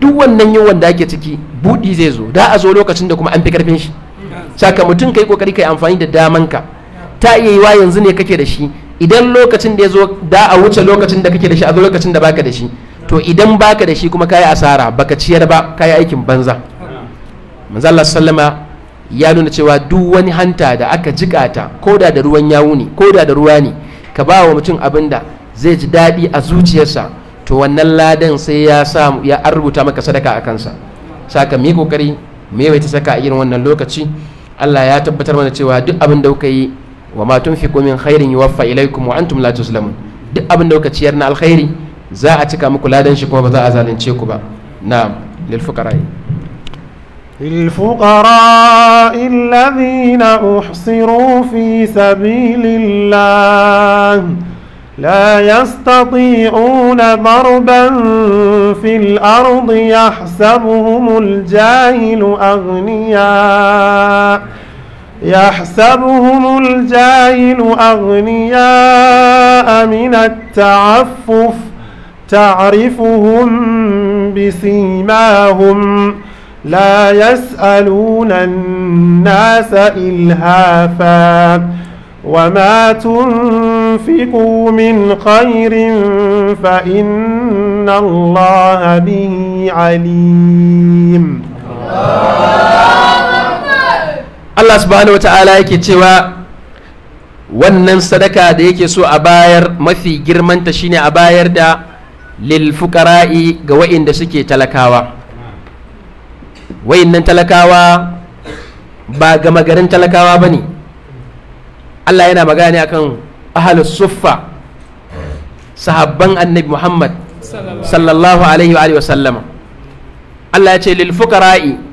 duk wannan yawan wanda ake ciki budi zai zo da a zo lokacin da kuma an fi karfin shi saka mutum kai kokari kai amfani da damanka ka ta iya yiwa yanzu ne kake da shi idan lokacin da ya zo da a wuce lokacin da kake da shi a zo lokacin da baka da shi to idan baka da shi kuma kayi asara baka ciyar ba kayi aikin banza manzo Allah sallama ya nuna cewa duk wani hanta da aka jikata ko da da ruwan yawu ne ko da ruwa ne ka ba wa mutum abin da zai ji daɗi a zuciyarsa to wannan ladan sai ya samu ya arbuta maka sadaka a kansa saka mi kokari me wai ta saka a irin wannan lokaci Allah ya tabbatar mana cewa duk abin da kuka yi وما تنفقوا من خير يوفى إليكم وأنتم لا تظلمون دي أبن دوكا تيرنا الخير زا أتكا مكولادن شكوا بزا أزالن شكوا نعم للفقراء للفقراء الذين أحصروا في سبيل الله لا يستطيعون ضربا في الأرض يحسبهم الجاهل أغنياء يحسبهم الجاهل أغنياء من التعفف تعرفهم بسيماهم لا يسألون الناس إلهافا وما تنفقوا من خير فإن الله به عليم Allah subhanahu wata'ala yake cewa wannan sadaka da yake so a bayar mafi girmanta shine a bayar da lilfukara'i ga wa'inda suke talakawa wa'innan talakawa ba gama garin talakawa ba ne Allah yana magana akan ahalus suffa sahabban annabi Muhammad sallallahu alaihi wa sallama Allah ya ce lilfukara'i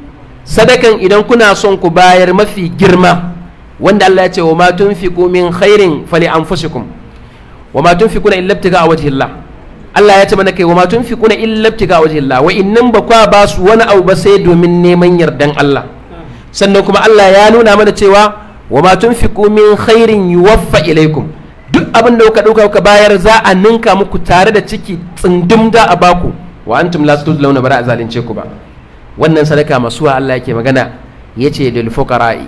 sadakan idan kuna son ku bayar mafi girma wanda Allah ya ce wa ma tunfiqu min khairin fali anfusikum wa ma tunfiquna illa ibtiga wajhillah Allah ya ce mana kai wa ma tunfiquna illa ibtiga wajhillah wa innan ba kwa ba su wani abu ba sai domin neman yardan Allah sannan kuma Allah ya nuna mana cewa wa ma tunfiqu min khairin yuwaffa ilaikum duk abin da kuka dauka kuka bayar za a ninka muku tare da ciki tsindim da a baku wa antum la tudlauna bara a zalunce ku ba wannan sadaka masuwa Allah yake magana yace lufokara'i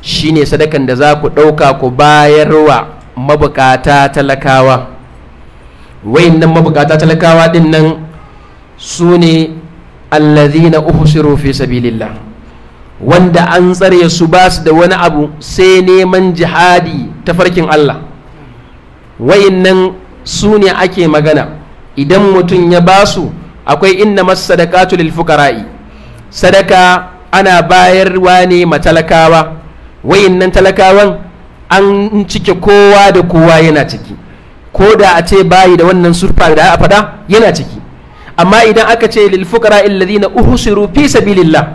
shi shine sadakan da za ku ɗauka ku bayarwa mabukata talakawa wayannan mabukata talakawa ɗin nan su ne allazina uhsiru fi sabilillah wanda an tsare su ba su da wani abu sai neman jihadi ta farkin Allah wayannan su ne ake magana idan mutum ya ba su akwai inna sadaka lil fukara'i sadaka ana bayarwa ne ma matalakawa wayannan talakawan an cike kowa da kowa yana ciki ko da a ce bayi da wannan surfa da a fada yana ciki amma idan aka ce lil fuqara alladhina uhsiru fi sabilillah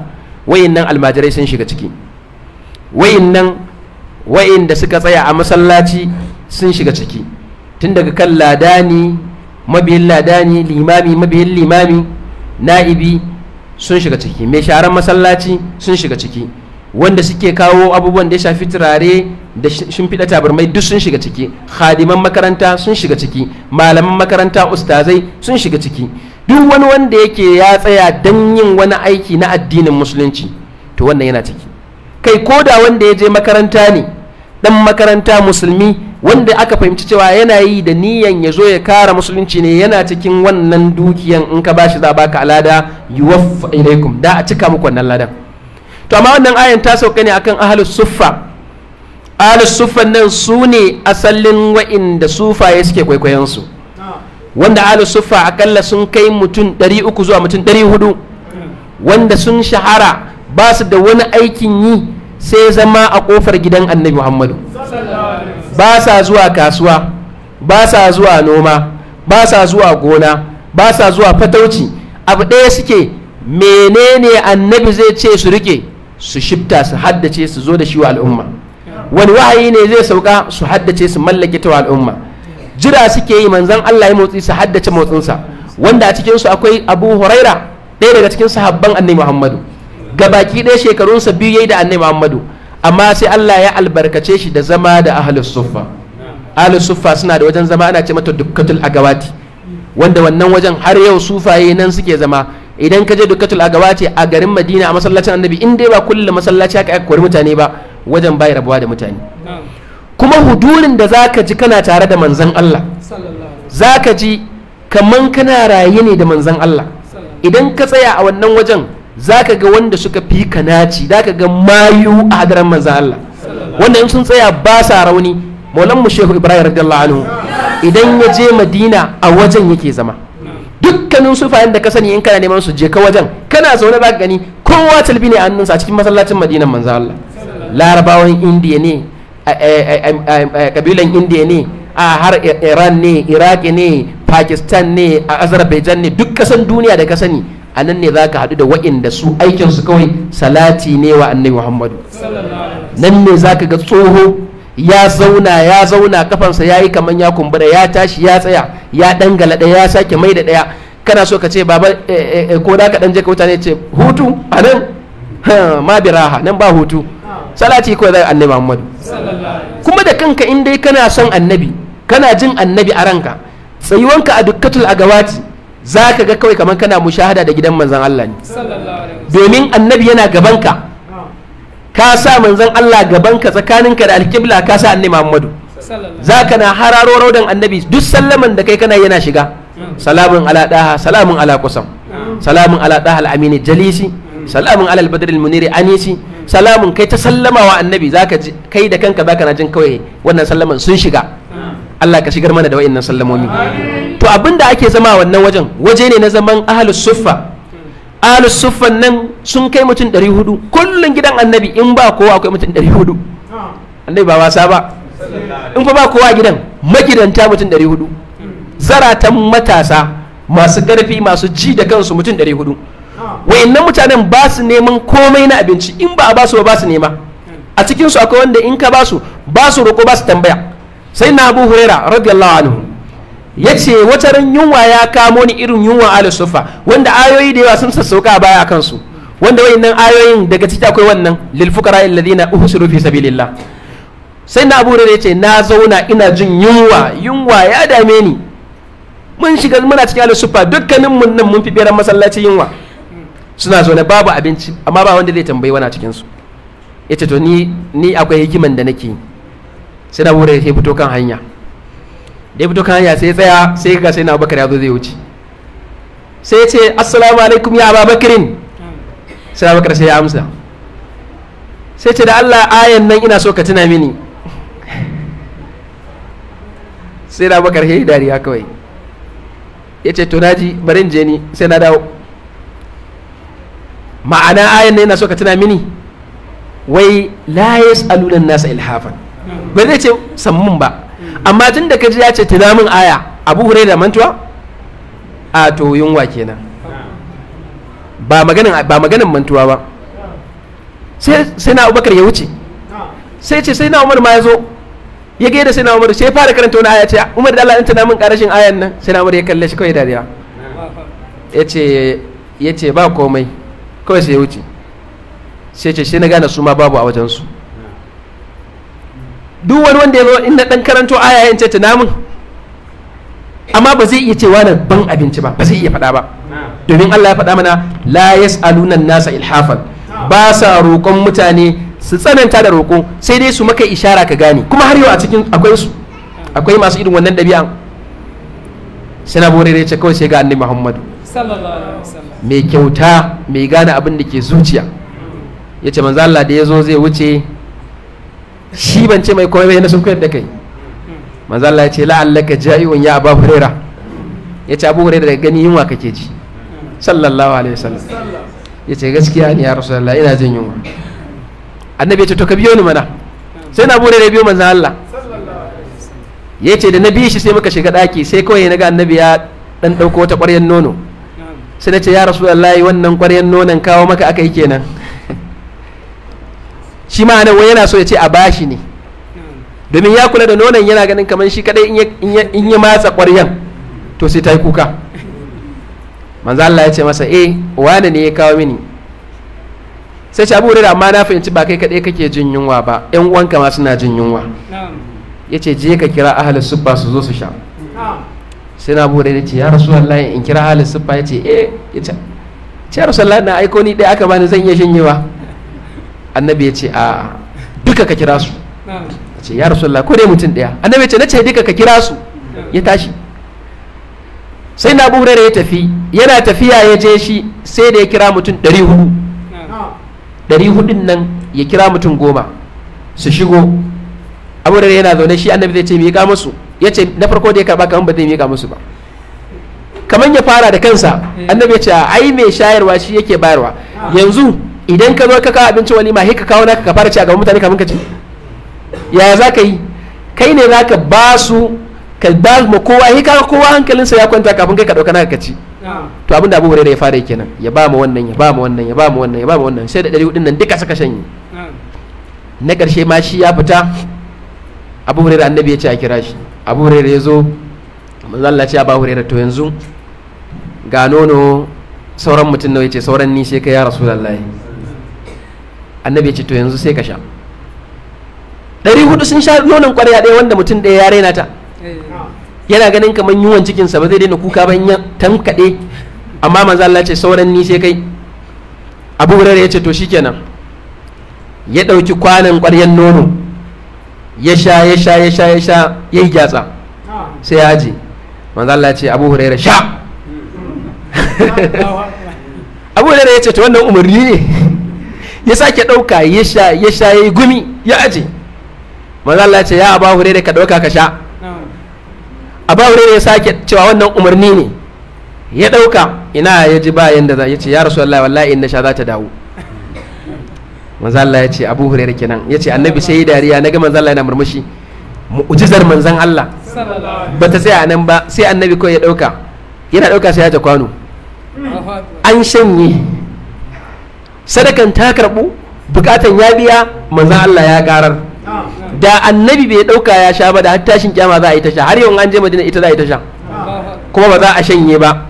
wayannan almajirai sun shiga ciki wayannan wayanda suka tsaya a masallaci sun shiga ciki tun daga kan ladani mabiyin ladani limami mabiyin limami na'ibi sun shiga ciki mai sharan masallaci sun shiga ciki wanda suke kawo abubuwan da ya shafi turare da shimfiɗa tabarmai duk sun shiga ciki khadiman makaranta sun shiga ciki malaman makaranta ustazai sun shiga ciki duk wani wanda yake ya tsaya don yin wani aiki na addinin musulunci to wannan yana ciki kai ko da wanda ya je makaranta ne dan makaranta musulmi wanda aka fahimci cewa yana yi da niyan ya zo ya kara musulunci ne yana cikin wannan dukiyan in ka bashi za baka alada yuwaffa ilaikum da a cika muku wannan ladan to amma wannan ayan ta sauka ne akan ahlus suffa ahlus suffa nan su ne asalin wa'inda sufaye suke kwaikwayon su wanda ahlus suffa akalla sun kai mutum 300 zuwa mutum 400 wanda sun shahara ba su da wani aikin yi sai zama a kofar gidan annabi muhammadu ba sa zuwa kasuwa ba sa zuwa noma ba sa zuwa gona ba sa zuwa fatauci abu ɗaya suke menene annabi zai ce su rike su shifta su haddace su zo da shi wa al'umma wani wahayi ne zai sauka su haddace su mallake ta wa al'umma jira suke yi manzan Allah ya motsi su haddace motsinsa wanda a cikinsu akwai abu huraira ɗaya daga cikin sahabban annabi muhammadu gabaki ɗaya shekarunsa biyu yayi da annabi muhammadu amma sai Allah ya albarkace shi da zama da ahlus suffa ahlus suffa suna da wajen zama ana ce mata dukkatul agawati wanda wannan wajen har yau sufaye nan suke zama idan ka je dukkatul agawati a garin Madina a masallacin Annabi in dai ba kullu masallaci aka kori mutane ba wajen bai rabuwa da mutane kuma hudurin da zaka ji kana tare da manzon Allah zaka ji kaman kana raye ne da manzon Allah idan ka tsaya a wannan wajen za ka ga wanda suka fi kanaci za ka ga mayu a hadarar manzan Allah wanda in sun tsaya ba sa rauni maulan mu shehu ibrahim radiyallahu anhu idan ya je madina a wajen yake zama dukkanin sufayen da ka sani in kana neman su je ka wajen kana zaune za ka gani kowa talbi ne a hannunsa a cikin masallacin madinan manzan Allah larabawan indiya ne kabilan indiya ne a har iran ne iraq ne pakistan ne a azerbaijan ne duk kasan duniya da ka sani a nan ne za ka haɗu da wa'inda su aikinsu kawai salati ne wa annabi muhammadu nan ne za ka ga tsoho ya zauna ya zauna kafansa ya yi kamar ya kumbura ya tashi ya tsaya ya dangala ɗaya ya sake mai da ɗaya kana so ka ce baba eh, eh, eh, ko da ka ɗan je ka wuta ne ce hutu a nan ma biraha nan ba hutu salati ko za annabi muhammadu kuma da kanka in dai kana son annabi kana jin annabi a ranka tsayuwanka a dukkatul agawati za ka ga kawai kamar kana mushahada da gidan manzan Allah ne domin annabi yana gabanka ka sa manzan Allah gabanka tsakaninka da alkibla ka sa annabi Muhammadu za ka na hararo raudan annabi duk sallaman da kai kana yana shiga salamun ala daha salamun ala kusam salamun ala daha al jalisi salamun ala al-badr muniri anisi salamun kai ta sallama wa annabi zaka kai da kanka zaka na jin kawai wannan sallaman sun shiga Allah ka shigar mana da wa'annan sallamomi to abinda ake zama a wannan wajen waje ne na zaman ahlus suffa ahlus suffa nan sun kai mutum 400 kullun gidan annabi in ba kowa akwai mutum 400 annabi ba wasa ba in fa ba kowa gidan magidanta mutum 400 zaratan matasa masu ƙarfi masu ji da kansu mutum 400 wayannan mutanen ba su neman komai na abinci in ba a ba su ba su nema a cikin su akwai wanda in ka ba su ba su roƙo ba su tambaya sai na abu huraira radiyallahu anhu ya ce wata ran yunwa ya kamo ni irin yunwa ala sufa wanda ayoyi da yawa sun sassauka a baya akan su wanda wayannan ayoyin daga ciki akwai wannan lil fuqara alladhina uhsiru fi sabilillah sai na abu huraira ya ce na zauna ina jin yunwa yunwa ya dame ni mun shiga muna cikin ala sufa dukkanin mun nan mun fi beran masallaci yunwa suna zo babu abinci amma ba wanda zai tambayi wani a cikin su yace to ni ni akwai hikiman da nake yi sai na bure sai fito kan hanya da ya fito kan hanya sai tsaya sai ga sai na bakar ya zo zai wuce sai ce assalamu alaikum ya bakirin sai bakar sai ya amsa sai ce da allah ayan nan ina so ka tuna mini sai na bakar sai dariya kawai ya ce to naji barin je ni sai na dawo ma'ana ayan nan ina so ka tuna mini wai la yas'aluna nasa ilhafan ba zai ce sammun ba amma tun da kaji ya ce tuna min aya abu hure da mantuwa a to yunwa kenan ba maganin ba maganin mantuwa ba sai sai na abubakar ya wuce sai ce sai na umar ma ya zo ya gaida sai na umar sai fara karanta wani aya ce umar da Allah in tuna min karashin ayan nan sai na umar ya kalle shi kawai dariya ya ce ba komai kawai sai ya wuce sai ce sai na gane su ma babu a wajensu duk wani wanda ya zo in na dan karanto aya ya ce tunamin amma ba zai iya cewa na ban abinci ba ba zai iya faɗa ba domin Allah ya faɗa mana la yas'aluna nasa ilhafan ba sa roƙon mutane su tsananta da roƙo sai dai su maka ishara ka gane kuma har yau a cikin akwai su akwai masu irin wannan ɗabi'an sai na bore ce kawai sai ga annabi Muhammadu mai kyauta mai gane abin da ke zuciya yace manzo Allah da yazo zai wuce shi ban ce mai komai na sun koyar da kai manzo Allah ya ce la'allaka ja'iun ya Abu Huraira ya ce Abu Huraira daga gani yunwa kake ji sallallahu alaihi wasallam ya ce gaskiya ne ya Rasulullah ina jin yunwa annabi ya ce to ka biyo ni mana sai na Abu Huraira biyo manzo Allah ya ce da na bi shi sai muka shiga daki sai kawai na ga annabi ya dan dauko wata ƙwaryar nono sai na ce ya Rasulullah wannan ƙwaryar nonon kawo maka aka yi kenan shi ma nan wani yana so ya ce a bashi ne hmm. domin ya kula da nonon yana ganin kamar shi kadai in yi matsa ƙwaryan to sai ta yi kuka manzo Allah ya ce masa eh wani ne ya kawo mini sai ce abu da amma na fahimci ba kai kadai kake jin yunwa ba yan uwanka ma suna jin yunwa hmm. ya ce je ka kira ahli suffa su zo su sha hmm. sai na bude da ce ya rasu Allah in kira ahli suffa ya ce eh ya ce ya rasu Allah na aiko ni ɗaya aka bani zan iya shinyewa annabi ya ce a duka ka kira su a ce ya rasu ko dai mutum daya annabi ya ce na ce duka ka kira su ya tashi sai na abu ya tafi yana tafiya ya je shi sai da ya kira mutum ɗari hudu ɗari hudun nan ya kira mutum goma su shigo abu yana zaune shi annabi zai ce miƙa musu ya ce na farko da ya karɓa kamar ba zai miƙa musu ba kamar ya fara da kansa annabi ya ce ai mai shayarwa shi yake bayarwa yanzu idan ka zo ka kawo abincin walima ma ka kawo naka ka fara ci a gaban mutane kamin ka ci yaya za ka yi kai ne za ka ba su ka ba ma kowa sai kowa hankalinsa ya kwanta kafin kai ka ɗauka naka ka ci to abin da abu hurairah ya fara kenan ya ba mu wannan ya ba mu wannan ya ba mu wannan ya ba mu wannan sai da ɗari hudun nan duka saka shanye na ƙarshe ma shi ya fita abu hurairah annabi ya ce a kira shi abu hurairah ya zo manzo Allah ce hure da to yanzu ga nono sauran mutum nawa ya ce sauran ni sai ka ya lallai. annabi ya ce to yanzu sai ka sha ɗari hudu sun sha nonon ƙwarya ɗaya wanda mutum ɗaya ya raina ta yana ganin kamar yiwon cikinsa ba zai daina kuka ba ya tankaɗe amma manzo Allah ce sauran ni sai kai Abu Hurairah ya ce to shikenan ya ɗauki kwanan ƙwaryan nono ya sha ya sha ya sha ya sha ya yi gyatsa sai ya aji manzo Allah ce Abu Hurairah sha Abu Hurairah ya ce to wannan umarni ne ya sake ɗauka ya sha ya sha ya gumi ya aje manzo Allah ce ya abahu da ka ɗauka ka sha abahu ya sake cewa wannan umarni ne ya ɗauka ina ya ji ba yanda za ya ce ya rasu Allah wallahi in sha za ta dawo manzo Allah ya ce Abu Hurairah kenan ya ce annabi sai dariya naga ga Allah yana murmushi mu'ujizar manzan Allah ba ta a nan ba sai annabi kawai ya ɗauka yana ɗauka sai ya ta kwano an shanye sadakan ta karɓu bukatan ya biya manzan Allah ya karar da annabi bai ɗauka ya sha ba da har tashin kyama za a yi ta har yau an je madina ita za a yi ta kuma ba za a shanye ba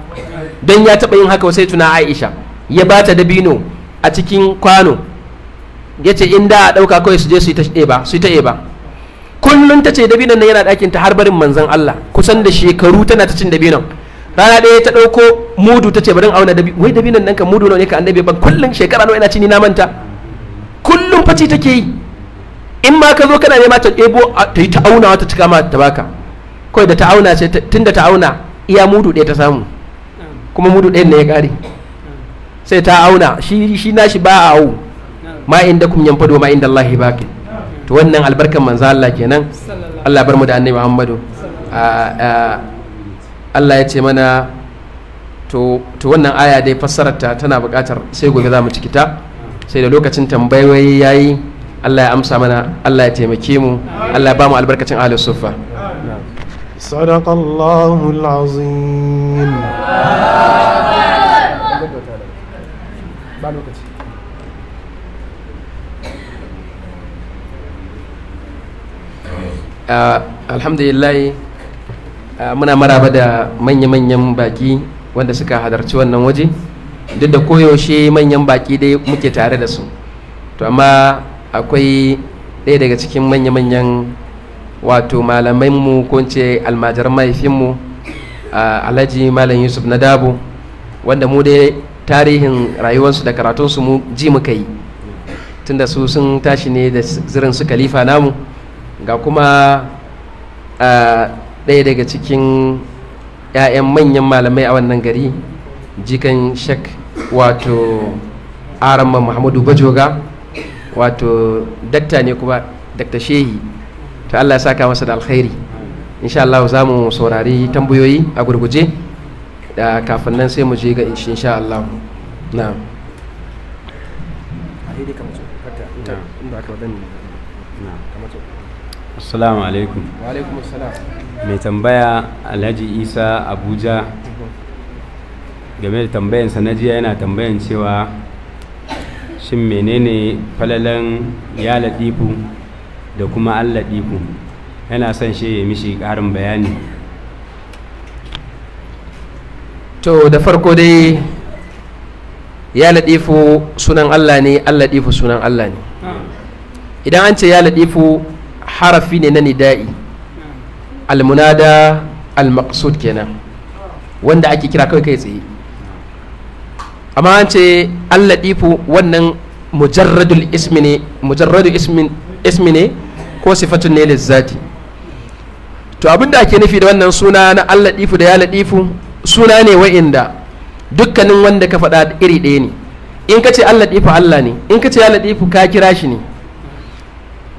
don ya taɓa yin haka sai tuna aisha ya ba ta dabino a cikin kwano ya ce in da a ɗauka kawai su je su yi ta su kullum ta ce dabinon nan yana ɗakin ta har barin manzan Allah kusan da shekaru tana ta cin dabinon rana ɗaya ta ɗauko mudu ta ce bari auna dabi wai dabi nan ka mudu nawa ne ka annabi ban kullum shekara nawa ina ci ni na manta kullum fati take yi in ma ka zo kana nema ta ɗebo ta yi ta auna ta cika ma ta baka kawai da ta auna ce tun da ta auna iya mudu ɗaya ta samu kuma mudu ɗayan ne ya ƙare sai ta auna shi shi nashi ba a au ma inda kum yan fado ma inda Allah ya baki to wannan albarkan manzo Allah kenan Allah bar mu da annabi Muhammadu Allah ya ce mana to wannan aya dai fassararta tana buƙatar sai gobe za mu ciki ta sai da lokacin tambayoyi yi Allah ya amsa mana Allah ya taimake mu Allah ya ba mu albarkacin ahlus sufa صدق ah, alhamdulillah Ah, muna maraba da manya-manyan baki wanda suka hadarci wannan waje duk da koyaushe manyan baki dai muke tare da su to amma akwai ɗaya daga cikin manya-manyan wato malamainmu ko ce almajiran mahaifinmu ah, alhaji malam yusuf na dabo wanda mu dai tarihin rayuwarsu da karatunsu mu ji muka yi tunda su sun tashi ne da zirin su kalifa namu ga kuma ah, ɗaya daga cikin 'ya'yan manyan malamai a wannan gari jikan shek wato aramman muhammadu bajoga wato dakta ne kuma dakta shehi to allah ya saka masa da alkhairi insha allah za mu saurari tambayoyi a gurguje da kafin nan sai mu je ga insha allah na assalamu alaikum wa alaikum assalam mai tambaya alhaji isa abuja game da tambayansa na jiya yana tambayan cewa shin menene falalan ya latifu da kuma an latifu yana son shi ya mishi ƙarin bayani to da farko dai ya latifu sunan allah ne an latifu sunan allah ne ah. idan an ce ya latifu harafi ne na nida'i almunada almaqsud kenan wanda ake kira kawai kai tsaye amma an ce allah ɗifu wannan mujarradul ismi ne mujarradul ismi ne ko sifatun ne lizzati to abinda ake nufi da wannan suna na allah ɗifu da ya ladifu suna ne wa'inda dukkanin wanda ka faɗa iri ɗaya ne in ka ce allah ɗifu allah ne in ka ce ya laɗifu ka kira shi ne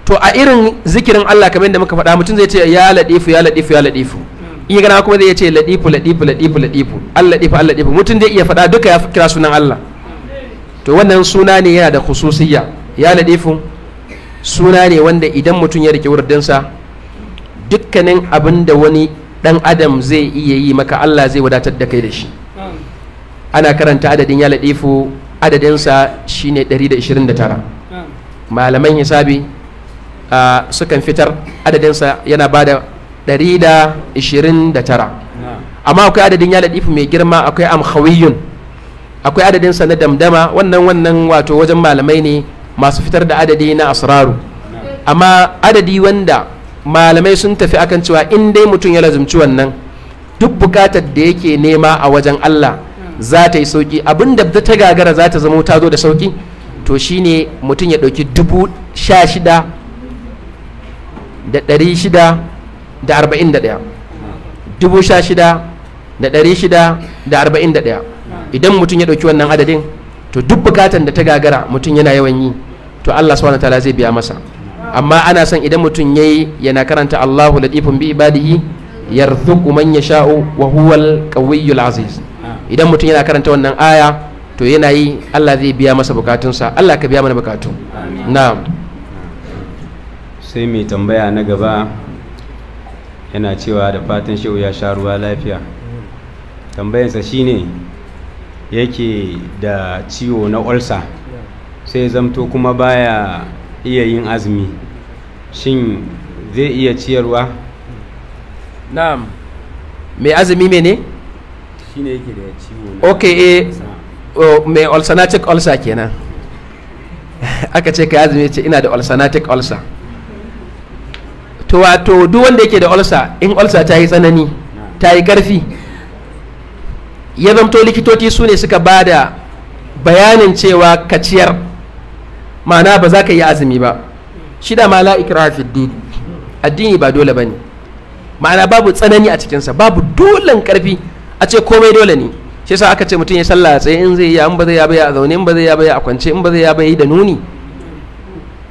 to a irin zikirin Allah kamar yadda muka faɗa mutum zai ce ya ladifu ya ladifu ya ladifu in gana kuma zai ce ladifu ladifu ladifu ladifu Allah ladifu Allah ladifu mutum zai iya faɗa duka ya kira sunan Allah to wannan suna ne yana da khususiyya ya ladifu suna ne wanda idan mutum ya rike wurdinsa dukkanin abin da wani dan adam zai iya yi maka Allah zai wadatar da kai da shi ana karanta adadin ya ladifu adadinsa shine 129 hmm. malaman hisabi sukan fitar adadinsa yana ba da 129 amma akwai adadin ya ladifu mai girma akwai amhawiyun akwai adadinsa na damdama wannan wannan wato wajen malamai ne masu fitar da adadi na asraru amma adadi wanda malamai sun tafi akan cewa in dai mutum ya lazumci wannan duk bukatar da yake nema a wajen Allah za ta yi sauki abin da ta gagara za ta zama ta zo da sauki to shine mutum ya ɗauki dubu sha shida da ɗari shida da arba'in da ɗaya dubu sha shida da ɗari shida da arba'in da ɗaya idan mutum ya ɗauki wannan adadin to duk bukatan da ta gagara mutum yana yawan yi to Allah subhanahu zai biya masa amma ana son idan mutum yayi yana karanta Allahu latifun bi ibadihi yarzuqu man yasha'u wa huwal qawiyyul aziz idan mutum yana karanta wannan aya to yana yi Allah zai biya masa bukatunsa Allah ka biya mana bukatu na'am sai mai tambaya na gaba yana cewa da fatan shehu ya sha ruwa lafiya tambayansa shine yake da ciwo na olsa sai zamto kuma baya iya yin azumi shin zai iya ciyarwa na'am mai azumi mene shine yake da ciwo na okay eh mai ulceratic ulcer kenan aka ce ka azumi ce ina da ulceratic ulcer to wato duk wanda yake da ulcer in ulcer ta yi tsanani ta yi ƙarfi ya zamto likitoci su ne suka ba da bayanin cewa kaciyar ma'ana ba za ka yi azumi ba shida ma la ikra addini ba dole ba ne ma'ana babu tsanani a cikinsa babu dolen karfi a ce komai dole ne shi sa aka ce mutum ya sallah tsaye in zai yi in ba zai ya a zaune in ba zai ya a kwance in ba zai ya da nuni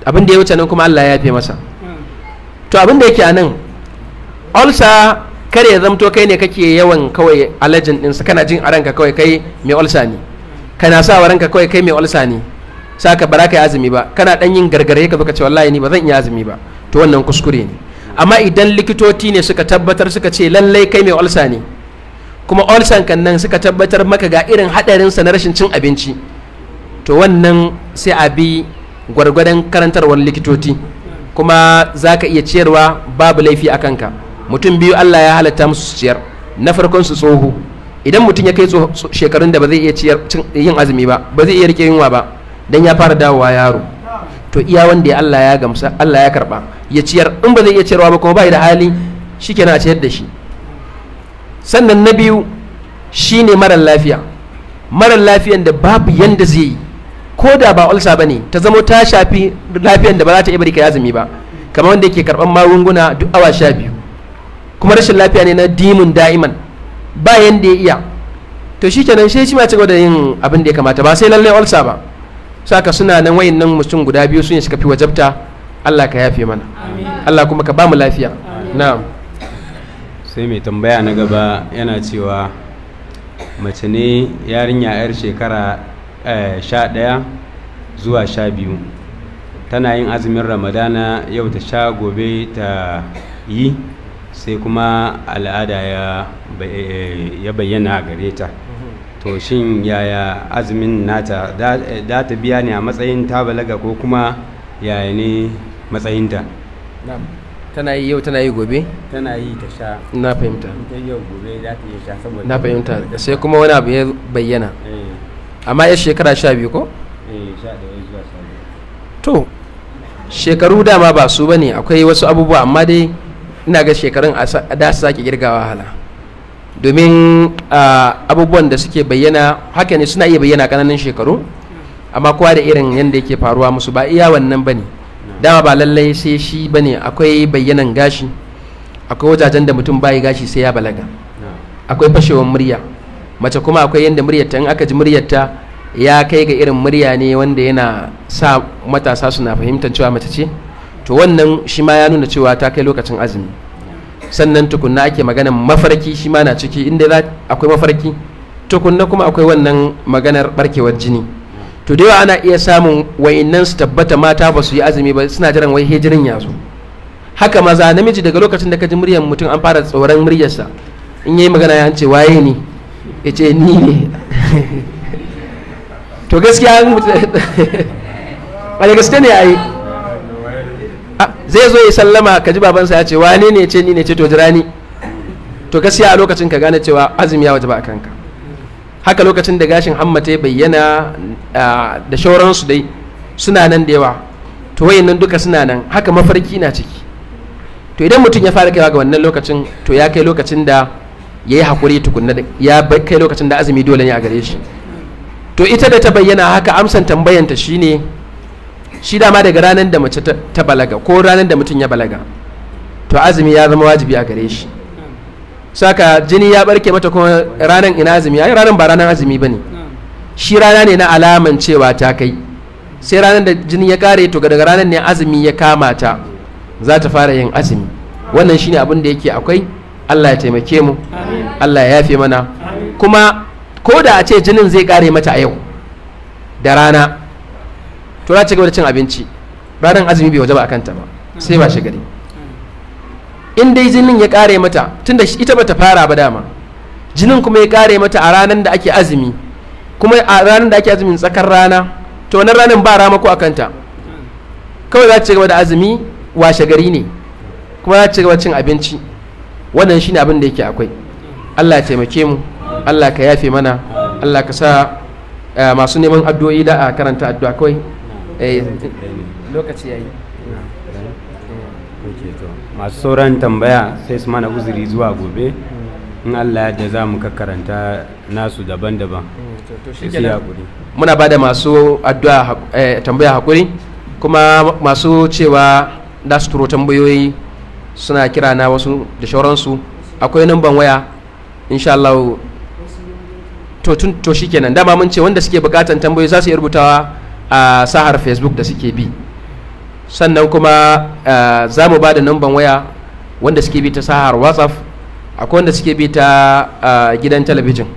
abin da ya wuce nan kuma Allah ya yafe masa to abin da yake a nan olsa kare ya zamto kai ne kake yawan kawai alajin ɗinsa kana jin a ranka kawai kai mai olsa ne kana sa wa ranka kawai kai mai olsa ne sa ka bara ka yi azumi ba kana ɗan yin gargare ka zo ka ce wallahi ni ba zan iya azumi ba to wannan kuskure ne amma idan likitoci ne suka tabbatar suka ce lallai kai mai olsa ne kuma olsan kan nan suka tabbatar maka ga irin haɗarin sa na rashin cin abinci to wannan sai a bi gwargwadon karantarwar likitoci kuma za ka iya ciyarwa babu laifi a kanka mutum biyu allah ya halatta musu su ciyar na farkon su tsoho idan mutum ya kai shekarun da ba zai iya ciyar yin azumi ba ba zai iya rike yunwa ba dan ya fara dawowa yaro to iya wanda ya allah ya gamsa allah ya karba ya ciyar in ba zai iya ciyarwa ba kuma ba da hali shi kenan a ciyar da shi sannan na biyu shi ne marar lafiya marar lafiyan da babu yanda zai yi ko da ba ulsa ba ne ta zama ta shafi lafiyar da ba za ta iya bari ka azumi ba kamar wanda yake karban magunguna duk awa sha biyu kuma rashin lafiya ne na dimun da'iman ba yanda ya iya to shi kenan shi ma ci da yin abin da ya kamata ba sai lallai ulsa ba saka suna nan wayin nan mutum guda biyu sun suka fi wajabta Allah ka yafe mana Allah kuma ka ba mu lafiya na'am sai mai tambaya na gaba yana cewa mace ne yarinya yar shekara Eh, sha ɗaya zuwa sha biyu tana yin azumin ramadana yau ta sha gobe ta yi sai kuma al'ada ya eh, bayyana a gare ta to shin yaya azumin nata da ta biya ne a matsayin ta balaga ko kuma yaya ne matsayinta tana yi yau tana yi gobe tana yi ta sha na fahimta yau gobe za ta iya sha saboda na fahimta sai kuma wani abu ya bayyana eh. amma ya shekara sha biyu ko? Eh, to shekaru dama ba su bane akwai wasu abubuwa amma dai ina ga shekarun a da sake girgawa hala domin abubuwan da suke bayyana haka ne suna iya bayyana kananan shekaru amma kowa da irin yadda yake faruwa musu ba iya wannan ba dama ba lallai sai shi ba akwai bayyanan gashi akwai wajajen da mutum bayi gashi sai ya balaga akwai fashewar murya mace kuma akwai yadda muryarta in aka ji muryarta ya kai ga irin murya ne wanda yana sa matasa suna fahimtar cewa mace ce to wannan shi ma ya nuna cewa ta kai lokacin azumi sannan tukunna ake magana mafarki shi ma na ciki inda za akwai mafarki tukunna kuma akwai wannan maganar barkewar jini to da yawa ana iya samun wayannan su tabbata mata ba su yi azumi ba suna jiran wai hijirin ya zo haka maza namiji daga lokacin da ka ji muryar mutum an fara tsoron muryarsa in yayi magana ya ce waye ne ya ce ni ne to gaskiya a gaske ne a yi ah, zai zo ya sallama ka ji babansa ya ce wane ne ce ni ne ce to jira ni to gaskiya a lokacin ka gane cewa azumi ya wajaba a kanka haka lokacin da gashin hammata ya bayyana ah, da shauransu dai suna nan da yawa to wayannan duka suna nan haka mafarki na ciki to idan mutum ya fara kaiwa ga wannan lokacin to ya kai lokacin da ya yi haƙuri tukunna ya kai lokacin da azumi dole ne a gare shi to ita da ta bayyana haka amsan tambayanta shine shi dama daga ranar da mace ta balaga ko ranar da mutum ya balaga to azumi ya zama wajibi a gare shi saka jini ya barke mata kuma ranar ina azumi ai ranar ba ranar azumi bane shi rana ne na alaman cewa ta kai sai ranar da jini ya kare to daga ranar ne azumi ya kama ta za ta fara yin azumi wannan shine abin da yake akwai Allah ya taimake mu Allah ya yafe mana kuma ko da a ce jinin zai kare mata a yau da rana to za ta gaba da cin abinci ranar azumi bai waje ba a kanta ba sai ba shi gari in dai jinin ya kare mata tunda ita bata fara ba dama jinin kuma ya kare mata a ranar da ake azumi kuma a ranar da ake azumin tsakar rana to wannan ranar ba ko a kanta kawai za ta cigaba gaba da azumi washe gari ne kuma za ta cigaba gaba cin abinci wannan shine abin da yake akwai Allah ya taimake mu Allah ka yafe mana Allah ka sa eh, masu neman addu'o'i da a karanta addu'a kawai eh, lokaci yayi masu sauran tambaya sai su mana uzuri zuwa gobe in Allah ya za mu karanta nasu daban-daban muna ba da masu addu'a eh, tambaya hakuri kuma masu cewa da su turo tambayoyi suna kira na wasu da shauransu akwai namban waya insha Allah to tun to shikenan dama mun ce wanda suke bukatan tambayoyi za su yi rubutawa a sahar facebook da suke bi sannan kuma za mu ba da namban waya wanda suke bi ta sahar whatsapp akwai wanda suke bi ta gidan talabijin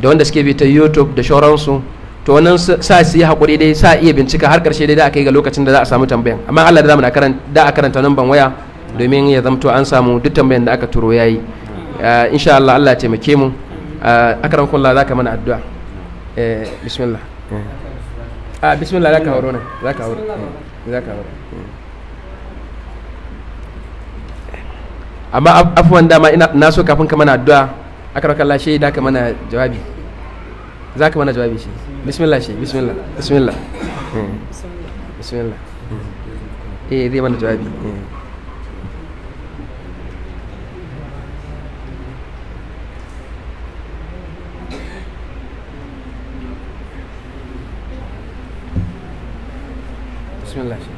da wanda suke bi ta youtube da shauransu to wannan sa su yi haƙuri dai sa iya bincika har ƙarshe dai da aka yi ga lokacin da za a samu tambayan amma allah da za mu da a karanta namban waya domin ya zamto an samu duk tambayan da aka turo yi eh, insha Allah Allah ya taimake mu eh, akram za ka mana addu'a eh, bismillah a ah, bismillah ka hauro ne ka hauro ka hauro amma afuwan dama ina na so kafin ka mana addu'a akram kullu shi da ka mana jawabi za ka mana jawabi shi bismillah shi bismillah bismillah bismillah eh zai mana jawabi Bismillah.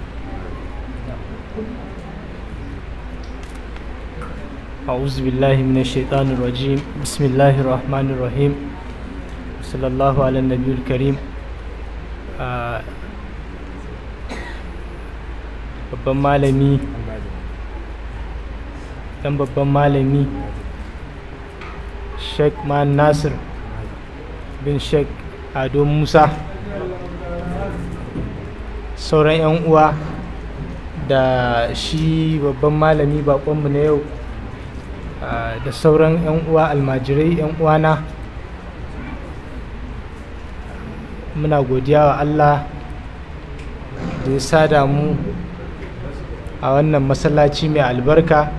أعوذ بالله من الشيطان الرجيم بسم الله الرحمن الرحيم صلى الله على النبي الكريم babban malami dan babban malami sheikh man nasir bin sheikh ado musa sauran 'yan uwa da shi babban malami bakonmu na yau da sauran 'yan uwa almajirai 'yan uwana muna godiya wa allah da ya sada mu a wannan masallaci mai albarka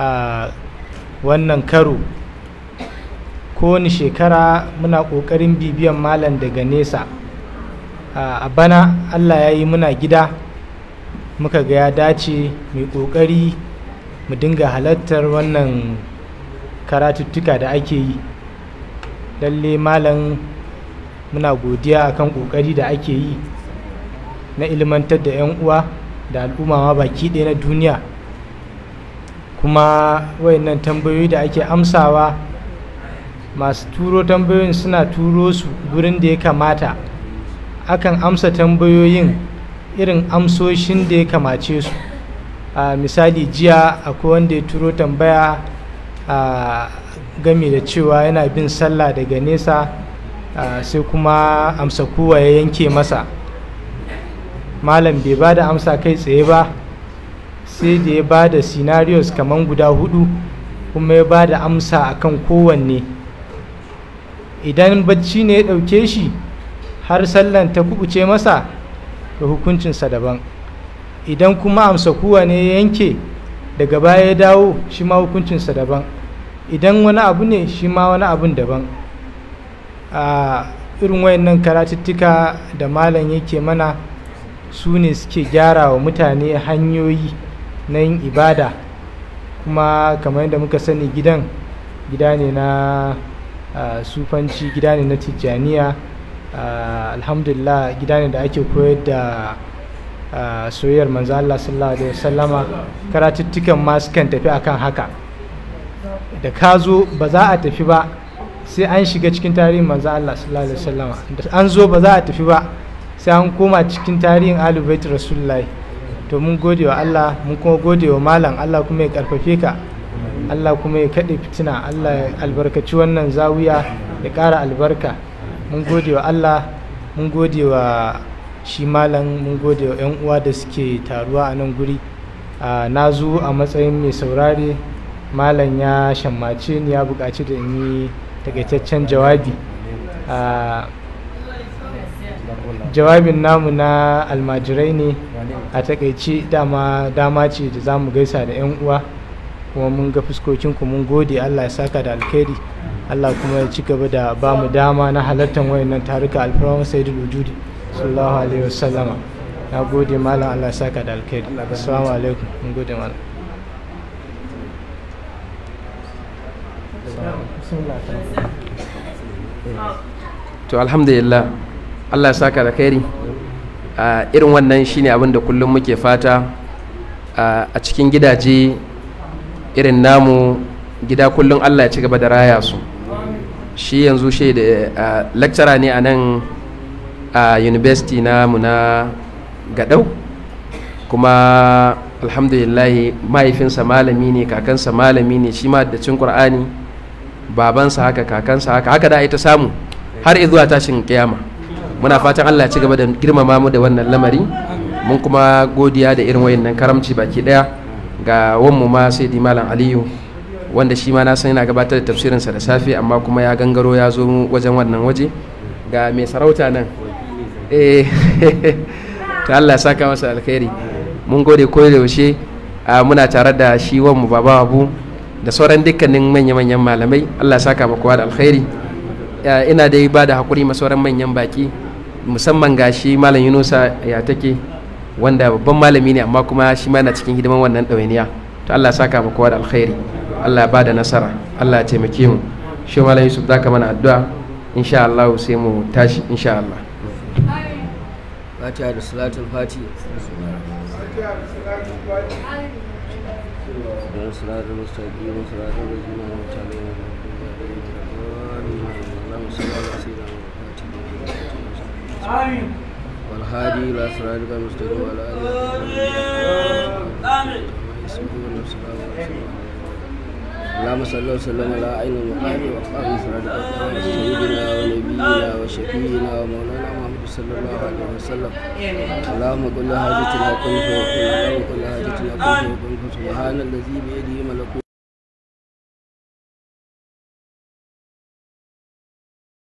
a wannan karo kowane shekara muna ƙoƙarin bibiyan malam daga nesa a bana allah ya yi muna gida muka ga ya dace mai ƙoƙari mu dinga halartar wannan karatuttuka da ake yi lalle malam muna godiya a kan ƙoƙari da ake yi na ilimantar da 'yan uwa da al'umma ma baki ɗaya na duniya kuma wayannan tambayoyi da ake amsawa masu turo tambayoyin suna turo su wurin da ya kamata akan amsa tambayoyin irin amsoshin da ya kamace su a misali jiya akwai wanda ya turo tambaya a game da cewa yana bin sallah daga nesa sai kuma amsa kowa ya yanke masa malam bai ba da amsa kai tsaye ba sai da ya ba da scenarios kamar guda hudu kuma ya ba da amsa akan kowanne idan bacci ne ya dauke shi har sallan ta kubuce masa da hukuncinsa daban idan kuma amsa kuwa ne ya yanke daga baya ya dawo shi ma hukuncinsa daban idan wani abu ne shi ma wani abun daban a irin wayannan karatuttuka da malam yake mana su ne suke gyara wa mutane hanyoyi na yin ibada kuma kamar yadda muka sani gidan gida ne na sufanci gida ne na tijjaniya Ah, alhamdulillah gida ne da ake koyar da ah, soyayyar manzo Allah sallallahu alaihi wasallama karatuttukan ma sukan tafi akan haka da ka zo ba za a tafi ba sai an shiga cikin tarihin manzo Allah sallallahu alaihi wasallama da an zo ba za a tafi ba sai an koma cikin tarihin alubait rasulullahi to mun gode wa Allah mun kuma gode wa malam Allah kuma ya karfafe ka Allah kuma ya kaɗe fitina Allah ya albarkaci wannan zawiya ya ƙara albarka mun gode wa allah mun gode wa shi malam mun gode wa 'yan uwa da suke taruwa a nan guri na zo a matsayin mai saurare malam ya shammace ni ya buƙaci da in yi takaitaccen jawabi jawabin namu na almajirai ne a takaice dama dama ce da za mu gaisa da 'yan uwa kuma mun ga fuskokinku mun gode allah ya saka da alkhairi Allah kuma ya ci gaba da ba mu dama na halartar wayannan taruka alfarma sayyidul wujudi sallallahu alaihi wasallama na gode malam Allah ya saka da alkhairi assalamu alaikum mun gode malam to alhamdulillah Allah ya saka da khairi irin wannan shine abin da kullum muke fata a cikin gidaje irin namu gida kullum Allah ya ci gaba da raya su shi yanzu shi da lecturer ne a nan a university na mu na gadau kuma alhamdulillahi mahaifinsa malami ne kakansa malami ne shi ma da cin qur'ani babansa haka kakansa haka haka da ita samu har zuwa tashin kiyama muna fatan Allah ci gaba da girmama mu da wannan lamari mun kuma godiya da irin wayannan karamci baki daya ga wanmu ma sai di malam aliyu wanda shi ma na san yana gabatar da tafsirinsa da safe amma kuma ya gangaro ya zo wajen wannan waje ga mai sarauta nan eh ta Allah saka masa alkhairi mun gode ko da yaushe ah, muna tare da shi mu baba abu da sauran dukkanin manya-manyan malamai Allah saka mu kowa da alkhairi ina dai ba da hakuri ma sauran manyan baki musamman ga shi malam Yunusa ya take wanda babban malami ne amma kuma shi ma na cikin hidiman wannan ɗawainiya to Allah saka mu kowa da alkhairi Allah ba da nasara Allah ya taimake mu shi malam Yusuf zaka mana addu'a insha Allah sai mu tashi insha Allah Fatiha da salatul fati اللهم صل وسلم على عين المقاتل واصحاب انفراد سيدنا ونبينا وشفينا ومولانا محمد صلى الله عليه وسلم اللهم كل حاجتنا كن فيكون اللهم كل حاجتنا كن فيكون سبحان الذي بيده ملكوت